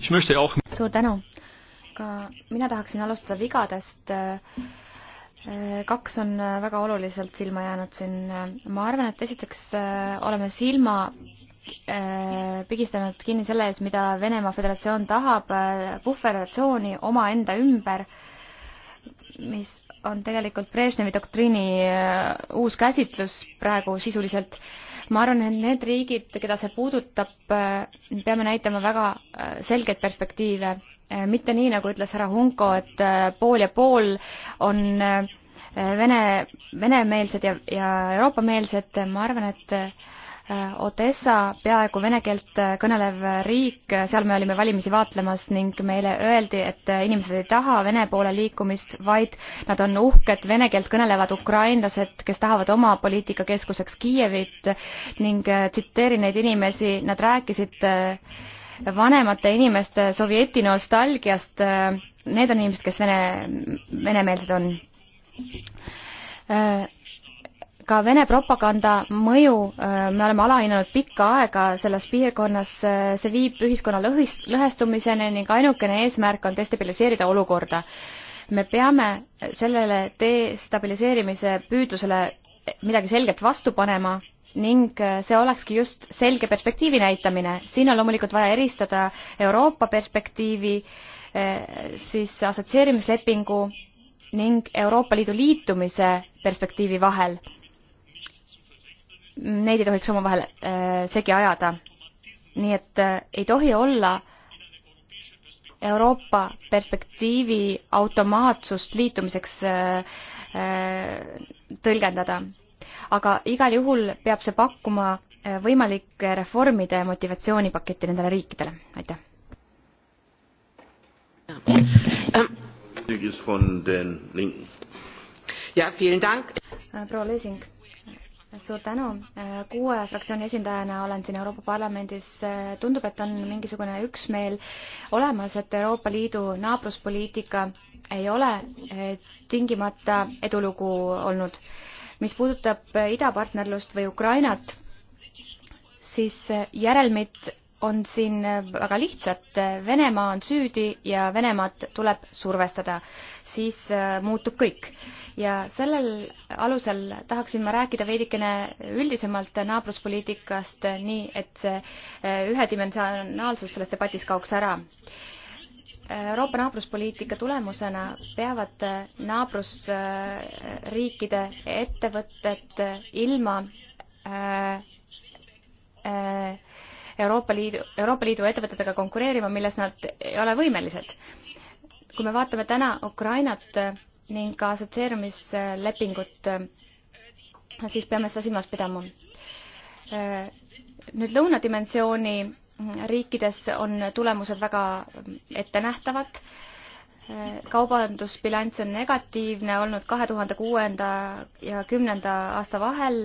suur tänu ka mina tahaksin alustada vigadest. Äh, kaks on väga oluliselt silma jäänud siin. ma arvan, et esiteks äh, oleme silma äh, pigistanud kinni selle ees, mida Venemaa Föderatsioon tahab, puhverratsiooni omaenda ümber, mis on tegelikult Brežnevi doktriini uus käsitlus praegu sisuliselt. ma arvan, et need riigid, keda see puudutab, peame näitama väga selgeid perspektiive Äh, mitte nii, nagu ütles härra Hunko, et äh, pool ja pool on äh, vene, venemeelsed ja, ja euroopameelsed, ma arvan, et Odessa, peaaegu vene keelt kõnelev riik, seal me olime valimisi vaatlemas ning meile öeldi, et inimesed ei taha Vene poole liikumist, vaid nad on uhked vene keelt kõnelevad ukrainlased, kes tahavad oma poliitikakeskuseks Kiievit ning tsiteerin neid inimesi, nad rääkisid äh, vanemate inimeste Sovjeti nostalgiast, need on inimesed, kes vene, venemeelsed on. ka Vene propaganda mõju me oleme alahinnanud pikka aega selles piirkonnas, see viib ühiskonna lõhist, lõhestumiseni ning ainukene eesmärk on destabiliseerida olukorda. me peame sellele destabiliseerimise püüdlusele midagi selgelt vastu panema ning äh, see olekski just selge perspektiivi näitamine. siin on loomulikult vaja eristada Euroopa perspektiivi, äh, siis assotsieerimislepingu ning Euroopa Liidu liitumise perspektiivi vahel. Neid ei tohiks omavahel äh, segi ajada. nii et ei tohi olla Euroopa perspektiivi automaatsust liitumiseks tõlgendada aga igal juhul peab see pakkuma äh, võimalike reformide motivatsioonipaketti nendele riikidele, aitäh. Ähm. Äh, proua Lüüsing, suur tänu. Äh, kuue fraktsiooni esindajana olen siin Euroopa Parlamendis. tundub, et on mingisugune üksmeel olemas, et Euroopa Liidu naabruspoliitika ei ole tingimata edulugu olnud mis puudutab äh, idapartnerlust või Ukrainat, siis äh, järelmid on siin äh, väga lihtsad. Venemaa on süüdi ja Venemaad tuleb survestada, siis muutub kõik. ja sellel alusel tahaksin ma rääkida veidikene üldisemalt naabruspoliitikast, nii et see ühedimensionaalsus selles debatis kaoks ära Euroopa naabruspoliitika tulemusena peavad naabrusriikide ettevõtted ilma äh, äh, Euroopa Liidu, Euroopa Liidu ettevõtetega konkureerima, milles nad ei ole võimelised. kui me vaatame täna Ukrainat äh, ning ka assotsieerumislepingut, siis peame seda silmas pidama. nüüd lõunadimensiooni riikides on tulemused väga ettenähtavad. kaubandusbilanss on negatiivne olnud kahe tuhande kuuenda ja kümnenda aasta vahel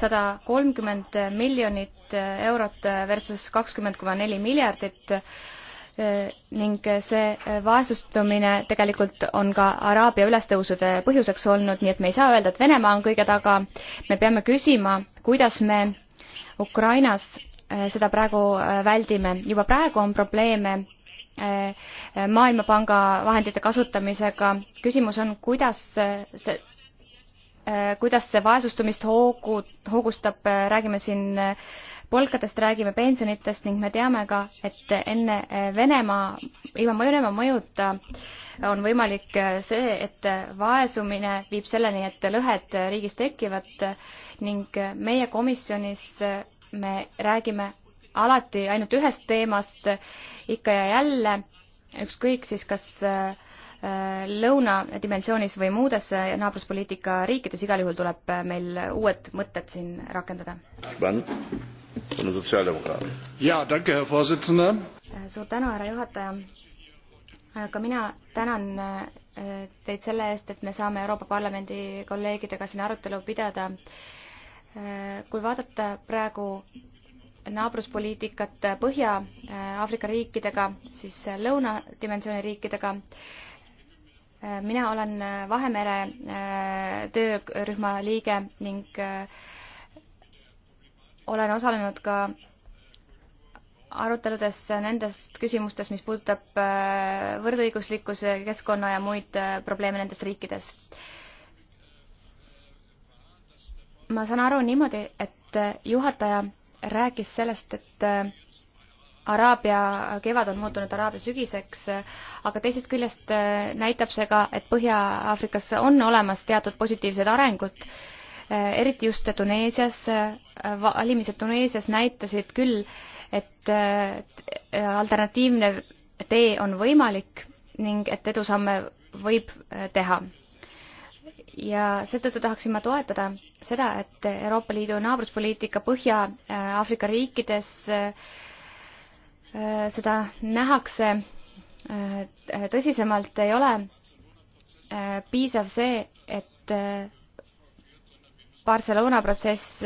sada kolmkümmend miljonit eurot versus kakskümmend koma neli miljardit ning see vaesustumine tegelikult on ka Araabia ülestõusude põhjuseks olnud, nii et me ei saa öelda, et Venemaa on kõige taga. me peame küsima, kuidas me Ukrainas Äh, seda praegu äh, väldime. juba praegu on probleeme äh, Maailmapanga vahendite kasutamisega. küsimus on, kuidas see kuidas see vaesustumist hoogu, hoogustab, räägime siin polkadest, räägime pensionitest ning me teame ka, et enne Venemaa, ilma Venemaa mõjuta on võimalik see, et vaesumine viib selleni, et lõhed riigis tekivad ning meie komisjonis me räägime alati ainult ühest teemast ikka ja jälle, ükskõik siis kas äh, lõunadimensioonis või muudes äh, naabruspoliitika riikides, igal juhul tuleb äh, meil uued mõtted siin rakendada. suur tänu, härra juhataja. ka mina tänan teid selle eest, et me saame Euroopa Parlamendi kolleegidega siin arutelu pidada äh, Äh, kui vaadata praegu naabruspoliitikat Põhja-Aafrika äh, riikidega, siis äh, lõunadimensiooni riikidega, mina olen Vahemere töörühma liige ning olen osalenud ka aruteludes nendest küsimustest, mis puudutab võrdõiguslikkuse, keskkonna ja muid probleeme nendes riikides ma saan aru niimoodi, et juhataja rääkis sellest, et äh, Araabia kevad on muutunud Araabia sügiseks, äh, aga teisest küljest äh, näitab see ka, et Põhja-Aafrikas on olemas teatud positiivsed arengud, eriti just Tuneesias, valimised Tuneesias näitasid küll, et alternatiivne tee on võimalik ning et edusamme võib teha. ja seetõttu tahaksin ma toetada seda, et Euroopa Liidu naabruspoliitika Põhja-Aafrika riikides äh, seda nähakse äh, tõsisemalt, ei ole äh, piisav see, et Barcelona protsess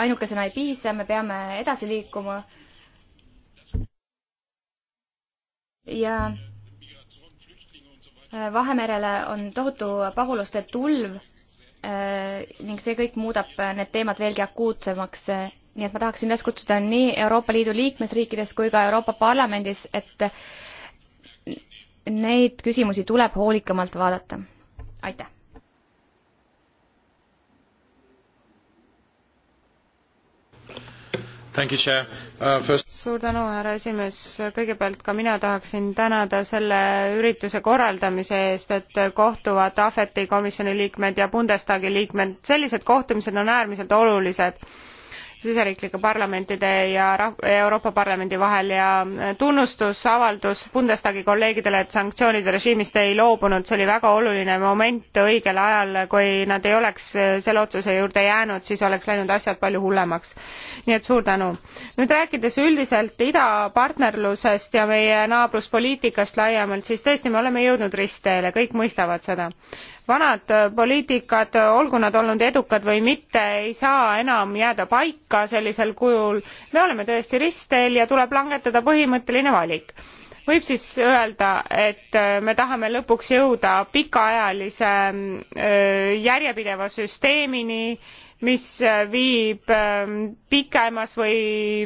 ainukesena ei piisa, me peame edasi liikuma. ja Vahemerele on tohutu pagulaste tulv Äh, ning see kõik muudab äh, need teemad veelgi akuutsemaks. Äh, nii et ma tahaksin üles kutsuda nii Euroopa Liidu liikmesriikides kui ka Euroopa Parlamendis, et neid küsimusi tuleb hoolikamalt vaadata. aitäh! Uh, suur tänu härra esimees kõigepealt ka mina tahaksin tänada selle ürituse korraldamise eest et kohtuvad ahveti komisjoni liikmed ja bundestagi liikmed sellised kohtumised on äärmiselt olulised siseriiklike parlamentide ja Euroopa Parlamendi vahel ja äh, tunnustusavaldus Bundestagi kolleegidele, et sanktsioonide režiimist ei loobunud, see oli väga oluline moment õigel ajal, kui nad ei oleks äh, selle otsuse juurde jäänud, siis oleks läinud asjad palju hullemaks. nii et suur tänu. nüüd rääkides üldiselt idapartnerlusest ja meie naabruspoliitikast laiemalt, siis tõesti, me oleme jõudnud ristteele, kõik mõistavad seda vanad poliitikad olgu nad olnud edukad või mitte ei saa enam jääda paika sellisel kujul me oleme tõesti ristteel ja tuleb langetada põhimõtteline valik võib siis öelda et me tahame lõpuks jõuda pikaajalise mm, järjepideva süsteemini mis äh, viib ähm, pikemas või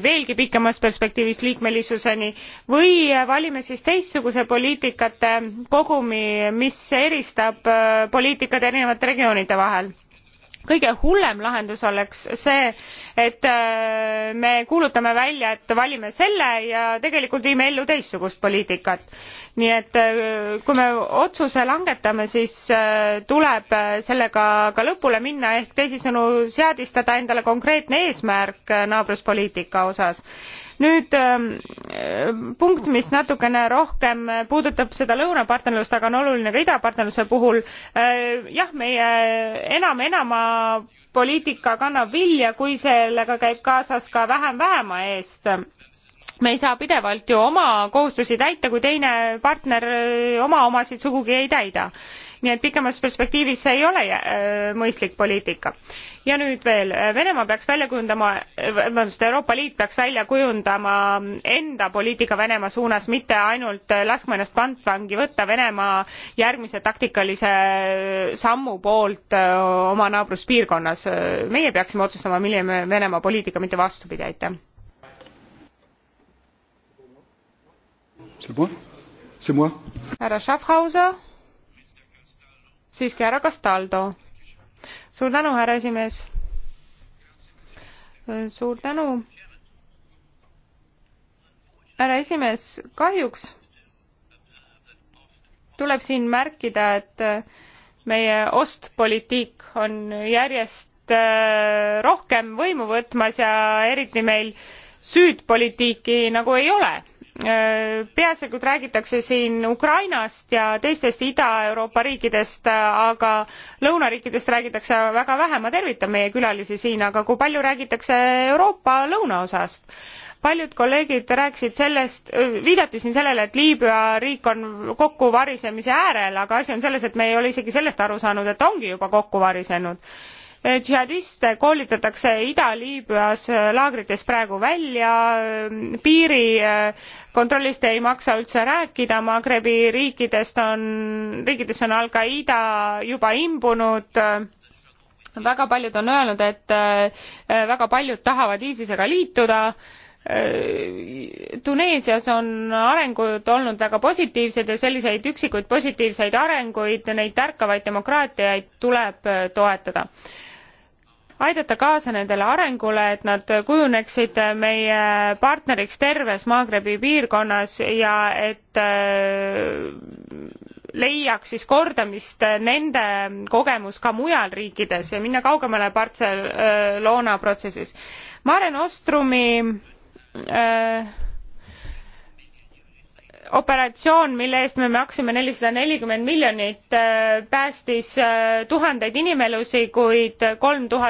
veelgi pikemas perspektiivis liikmelisuseni või äh, valime siis teistsuguse poliitikate kogumi mis eristab äh, poliitikat erinevate regioonide vahel? kõige hullem lahendus oleks see et äh, me kuulutame välja et valime selle ja tegelikult viime ellu teistsugust poliitikat nii et äh, kui me otsuse langetame siis äh, tuleb sellega ka lõpule minna ehk teisisõnu seadistada endale konkreetne eesmärk naabruspoliitika osas nüüd ähm, punkt mis natukene rohkem puudutab seda lõunapartnerlust aga on oluline ka idapartnerluse puhul äh, jah meie enam enama poliitika kannab vilja kui sellega käib kaasas ka vähem vähema eest me ei saa pidevalt ju oma kohustusi täita kui teine partner äh, oma omasid sugugi ei täida nii et pikemas perspektiivis see ei ole äh, mõistlik poliitika ja nüüd veel, äh, Venemaa peaks välja kujundama, äh, vabandust, Euroopa Liit peaks välja kujundama enda poliitika Venemaa suunas, mitte ainult äh, laskma ennast pantvangi võtta Venemaa järgmise taktikalise sammu poolt oma naabruspiirkonnas. meie peaksime otsustama, milline Venemaa poliitika, mitte vastupidi, aitäh. härra Schaffhauser, siiski härra Castaldo suur tänu, härra esimees. suur tänu. härra esimees, kahjuks tuleb siin märkida, et meie ostpoliitik on järjest äh, rohkem võimu võtmas ja eriti meil süüdpolitiiki nagu ei ole Äh, peaasjalikult räägitakse siin Ukrainast ja teistest Ida-Euroopa riikidest, äh, aga lõunariikidest räägitakse väga vähe, ma tervitan meie külalisi siin, aga kui palju räägitakse Euroopa lõunaosast? paljud kolleegid rääkisid sellest, äh, viidati siin sellele, et Liibüa riik on kokkuvarisemise äärel, aga asi on selles, et me ei ole isegi sellest aru saanud, et ta ongi juba kokku varisenud džihadiste koolitatakse Ida-Liibüas laagrites praegu välja, piirikontrollist äh, ei maksa üldse rääkida, Magrebi riikidest on, riikides on Al-Qaeda juba imbunud, väga paljud on öelnud, et äh, väga paljud tahavad ISISega liituda, äh, Tuneesias on arengud olnud väga positiivsed ja selliseid üksikuid positiivseid arenguid, neid tärkavaid demokraatiaid tuleb toetada aidata kaasa nendele arengule, et nad kujuneksid meie partneriks terves Maagrebi piirkonnas ja et äh, leiaks siis kordamist nende kogemus ka mujal riikides ja minna kaugemale Barcelona protsessis. Mare Nostrumi äh, operatsioon mille eest me maksime miljonit äh, päästis äh, tuhandeid inimelusid kuid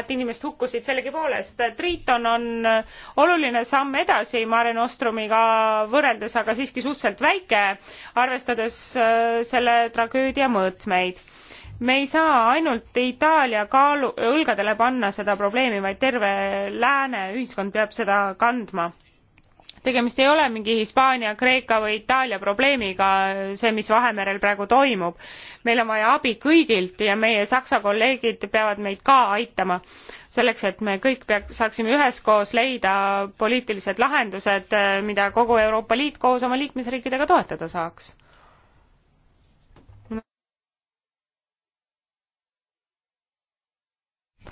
inimest hukkusid sellegipoolest. triton on äh, oluline samm edasi mare nostrumiga võrreldes aga siiski suhteliselt väike arvestades selle tragöödia mõõtmeid me ei saa ainult Itaalia kaalu, õlgadele panna seda probleemi, vaid terve lääne ühiskond peab seda kandma tegemist ei ole mingi Hispaania, Kreeka või Itaalia probleemiga, see, mis Vahemerel praegu toimub. meil on vaja abi kõigilt ja meie Saksa kolleegid peavad meid ka aitama, selleks et me kõik peaks, saaksime üheskoos leida poliitilised lahendused, eh, mida kogu Euroopa Liit koos oma liikmesriikidega toetada saaks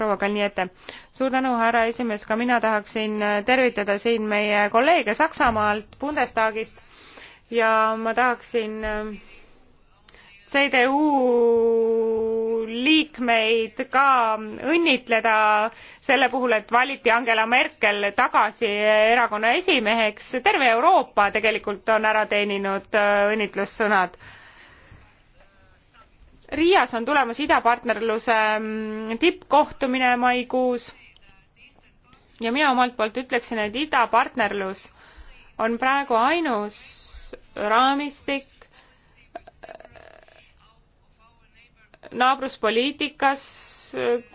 proua Kalniete. suur tänu, härra esimees, ka mina tahaksin äh, tervitada siin meie kolleege Saksamaalt Bundestagist ja ma tahaksin äh, CDU liikmeid ka õnnitleda selle puhul, et valiti Angela Merkel tagasi erakonna esimeheks. terve Euroopa tegelikult on ära teeninud äh, õnnitlussõnad Riias on tulemas idapartnerluse mm, tippkohtumine maikuus ja mina omalt poolt ütleksin, et idapartnerlus on praegu ainus raamistik äh, naabruspoliitikas,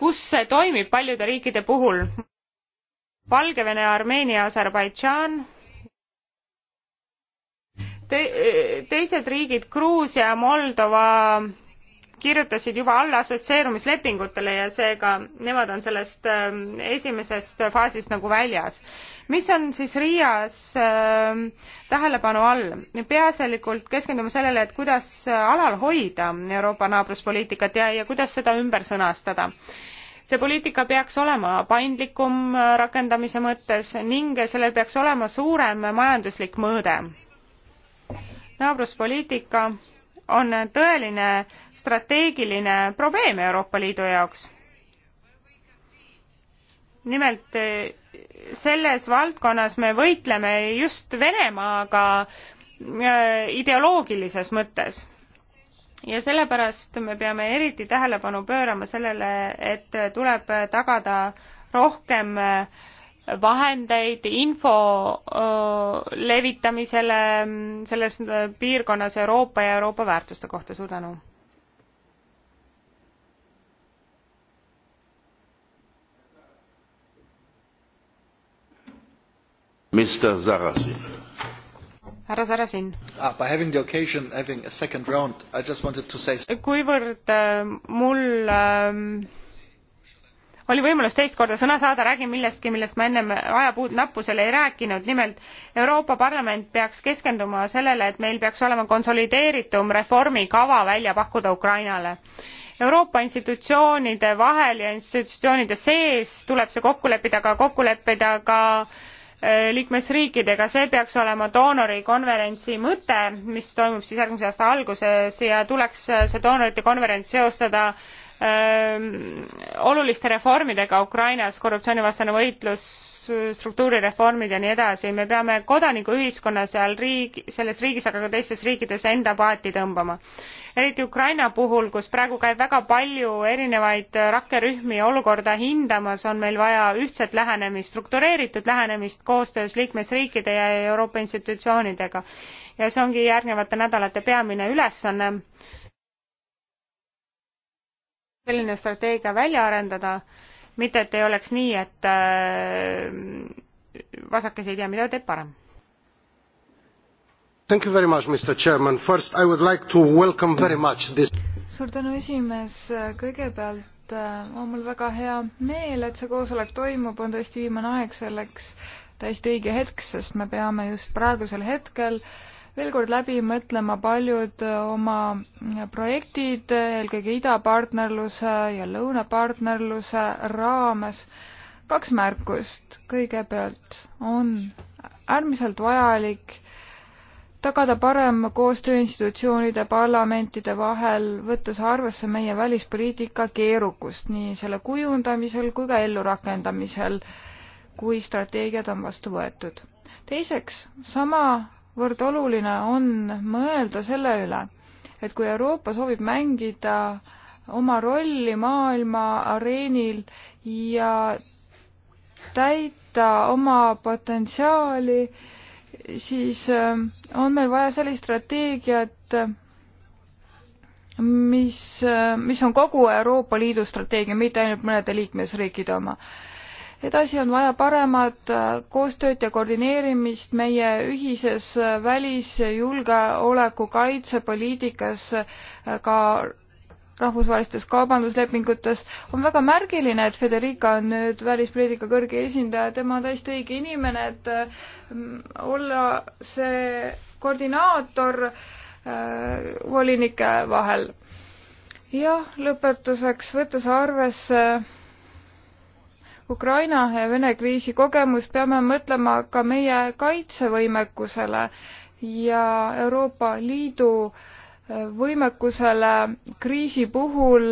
kus see toimib paljude riikide puhul. Valgevene, Armeenia, Aserbaidžaan te, teised riigid Gruusia, Moldova, kirjutasid juba alla assotsieerumislepingutele ja seega nemad on sellest ähm, esimesest faasist nagu väljas. mis on siis Riias ähm, tähelepanu all? peaasjalikult keskendume sellele, et kuidas alal hoida Euroopa naabruspoliitikat ja, ja kuidas seda ümber sõnastada see poliitika peaks olema paindlikum äh, rakendamise mõttes ning sellel peaks olema suurem majanduslik mõõde. naabruspoliitika on tõeline strateegiline probleem Euroopa Liidu jaoks. nimelt eh, selles valdkonnas me võitleme just Venemaaga eh, ideoloogilises mõttes ja sellepärast me peame eriti tähelepanu pöörama sellele, et tuleb tagada rohkem äh, vahendeid info öö, levitamisele selles äh, piirkonnas Euroopa ja Euroopa väärtuste kohta, suur tänu! Mr Sarasin. härra Sarasin. Ah, kuivõrd äh, mul öö, ähm, oli võimalus teist korda sõna saada, räägin millestki, millest ma ennem ajapuud nappusel ei rääkinud, nimelt Euroopa Parlament peaks keskenduma sellele, et meil peaks olema konsolideeritum reformikava välja pakkuda Ukrainale. Euroopa institutsioonide vahel ja institutsioonide sees tuleb see kokku leppida, aga kokku leppida ka äh, liikmesriikidega, see peaks olema doonori konverentsi mõte, mis toimub siis järgmise aasta alguses ja tuleks äh, see doonorite konverents seostada Ehm, oluliste reformidega ukrainas korruptsioonivastane võitlus struktuurireformid ja nii edasi me peame kodanikuühiskonna seal riig- selles riigis aga ka teistes riikides enda paati tõmbama eriti ukraina puhul kus praegu käib väga palju erinevaid rakkerühmi olukorda hindamas on meil vaja ühtset lähenemist struktureeritud lähenemist koostöös liikmesriikide ja euroopa institutsioonidega ja see ongi järgnevate nädalate peamine ülesanne selline strateegia välja arendada, mitte et ei oleks nii, et äh, vasakes ei tea, mida teeb parem. Thank you very much, Mr Chairman, first I would like to welcome very much this suur tänu, esimees, kõigepealt äh, on mul väga hea meel, et see koosolek toimub, on tõesti viimane aeg selleks, täiesti õige hetk, sest me peame just praegusel hetkel äh, veel kord läbi mõtlema paljud äh, oma äh, projektid, eelkõige idapartnerluse ja lõunapartnerluse raames. kaks märkust. kõigepealt on äärmiselt vajalik tagada parem koostöö institutsioonide, parlamentide vahel, võttes arvesse meie välispoliitika keerukust nii selle kujundamisel kui ka ellurakendamisel, kui strateegiad on vastu võetud. teiseks, sama kuivõrd oluline on mõelda selle üle, et kui Euroopa soovib mängida oma rolli maailma areenil ja täita oma potentsiaali, siis äh, on meil vaja sellist strateegiat, mis, äh, mis on kogu Euroopa Liidu strateegia, mitte ainult mõnede liikmesriikide oma edasi on vaja paremat äh, koostööd ja koordineerimist meie ühises äh, välis-, julgeoleku, kaitsepoliitikas, äh, ka rahvusvahelistes kaubanduslepingutes. on väga märgiline, et Federica on nüüd välispoliitika kõrge esindaja, tema on täiesti õige inimene, et olla see koordinaator äh, volinike vahel. ja lõpetuseks, võttes arvesse äh, Ukraina ja Vene kriisi kogemus, peame mõtlema ka meie kaitsevõimekusele ja Euroopa Liidu eh, võimekusele kriisi puhul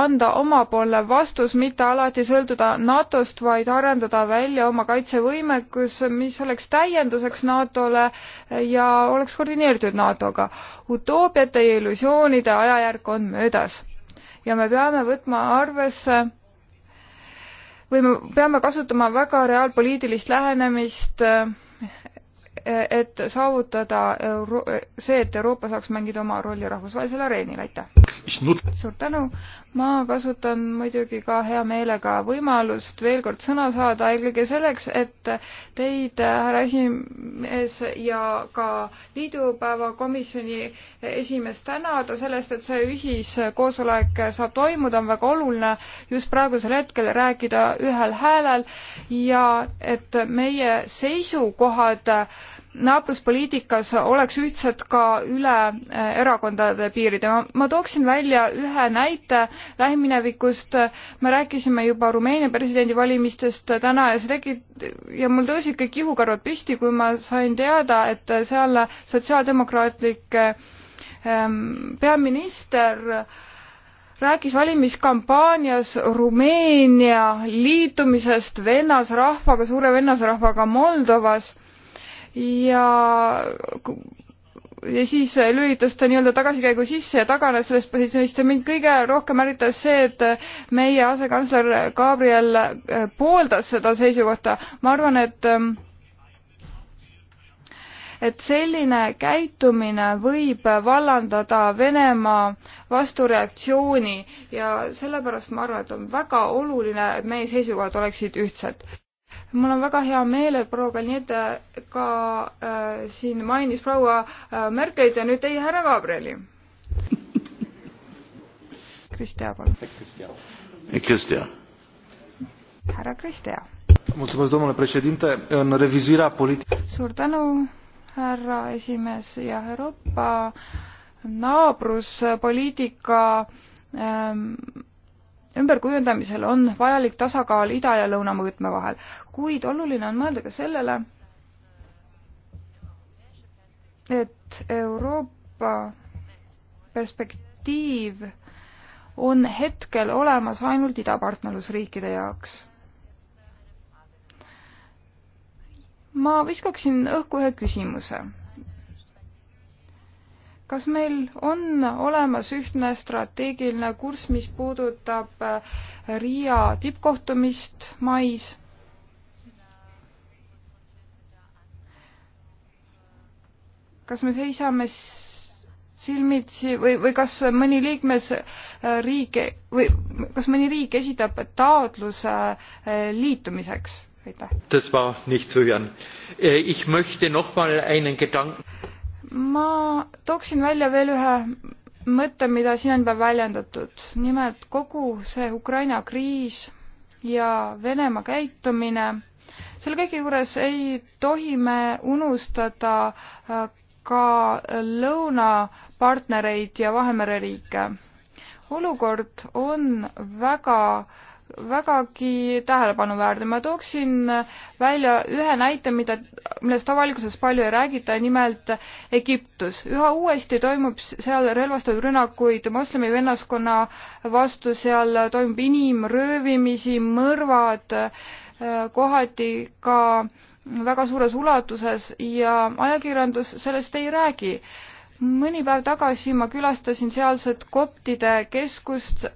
anda omapoolne vastus, mitte alati sõltuda NATO-st, vaid arendada välja oma kaitsevõimekus, mis oleks täienduseks NATO-le eh, ja oleks koordineeritud NATO-ga. utoopiate ja illusioonide ajajärk on möödas ja me peame võtma arvesse või me peame kasutama väga reaalpoliitilist lähenemist äh, et saavutada Euro see, et Euroopa saaks mängida oma rolli rahvusvahelisel areenil, aitäh! suur tänu! ma kasutan muidugi ka hea meelega võimalust veel kord sõna saada, eelkõige selleks, et teid, härra esimees, ja ka liidupäeva komisjoni esimees tänada sellest, et see ühiskoosolek saab toimuda, on väga oluline just praegusel hetkel rääkida ühel häälel ja et meie seisukohad naabruspoliitikas oleks ühtsed ka üle eh, erakondade piiride. ma tooksin välja ühe näite lähiminevikust. me rääkisime juba Rumeenia presidendivalimistest täna ja see tegi ja mul tõusid kõik kihukarvad püsti, kui ma sain teada, et sealne sotsiaaldemokraatlik ehm, peaminister rääkis valimiskampaanias Rumeenia liitumisest vennasrahvaga, suure vennasrahvaga Moldovas ja ja siis lülitas ta nii-öelda tagasikäigu sisse ja taganes sellest positsioonist ja mind kõige rohkem ärritas see, et meie asekantsler Gabriel äh, pooldas seda seisukohta. ma arvan, et ähm, et selline käitumine võib vallandada Venemaa vastureaktsiooni ja sellepärast ma arvan, et on väga oluline, et meie seisukohad oleksid ühtsed mul on väga hea meel, et proua Kalniete ka äh, siin mainis proua äh, Merkelit ja nüüd teie, härra Gabrieli. (laughs) Kristea, palun. Kristea. härra Kristea. suur tänu, härra esimees ja Euroopa naabruspoliitika ähm, ümberkujundamisel on vajalik tasakaal ida ja lõuna mõõtme vahel, kuid oluline on mõelda ka sellele, et Euroopa perspektiiv on hetkel olemas ainult idapartnerlusriikide jaoks ma viskaksin õhku ühe küsimuse kas meil on olemas ühtne strateegiline kurss, mis puudutab äh, Riia tippkohtumist mais? kas me seisame silmitsi või, või kas mõni liikmesriik äh, e-, või kas mõni riik esitab taotluse äh, liitumiseks? aitäh. Das war nicht zu hören. Ich möchte noch mal einen Gedanken ma tooksin välja veel ühe mõtte, mida siin on juba väljendatud, nimelt kogu see Ukraina kriis ja Venemaa käitumine, selle kõige juures ei tohi me unustada äh, ka lõunapartnereid ja Vahemere riike. olukord on väga äh, vägagi tähelepanuväärne. ma tooksin välja ühe näite, mida, millest avalikkuses palju ei räägita, nimelt Egiptus. üha uuesti toimub seal relvastatud rünnakuid moslemi vennaskonna vastu, seal toimub inimröövimisi, mõrvad, kohati ka väga suures ulatuses ja ajakirjandus sellest ei räägi mõni päev tagasi ma külastasin sealset koptide keskust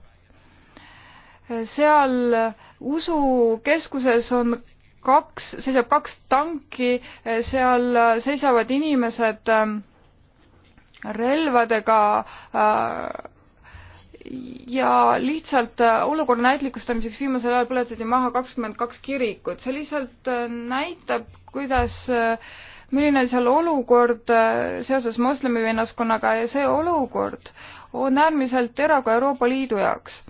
seal usukeskuses on kaks, seisab kaks tanki, seal seisavad inimesed ähm, relvadega äh, ja lihtsalt äh, olukorra näitlikustamiseks viimasel ajal põletati maha kakskümmend kaks kirikut, see lihtsalt äh, näitab, kuidas milline oli seal olukord seoses moslemi vennaskonnaga ja see olukord on äärmiselt terav ka Euroopa Liidu jaoks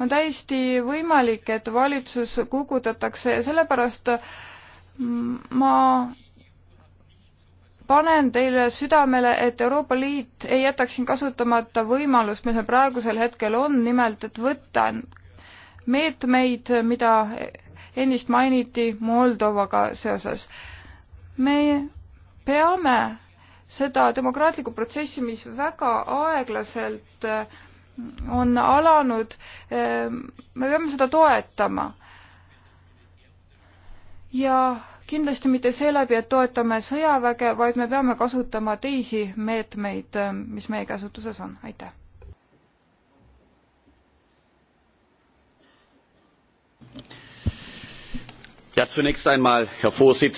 on täiesti võimalik, et valitsus kukutatakse ja sellepärast ma panen teile südamele, et Euroopa Liit ei jätaks siin kasutamata võimalust, mis meil praegusel hetkel on, nimelt et võtta meetmeid, mida ennist mainiti Moldovaga seoses. me peame seda demokraatlikku protsessi, mis väga aeglaselt on alanud, ehm, me peame seda toetama. ja kindlasti mitte seeläbi, et toetame sõjaväge, vaid me peame kasutama teisi meetmeid, ehm, mis meie käsutuses on, aitäh. ja zunächst einmal, Herr Vorsitz.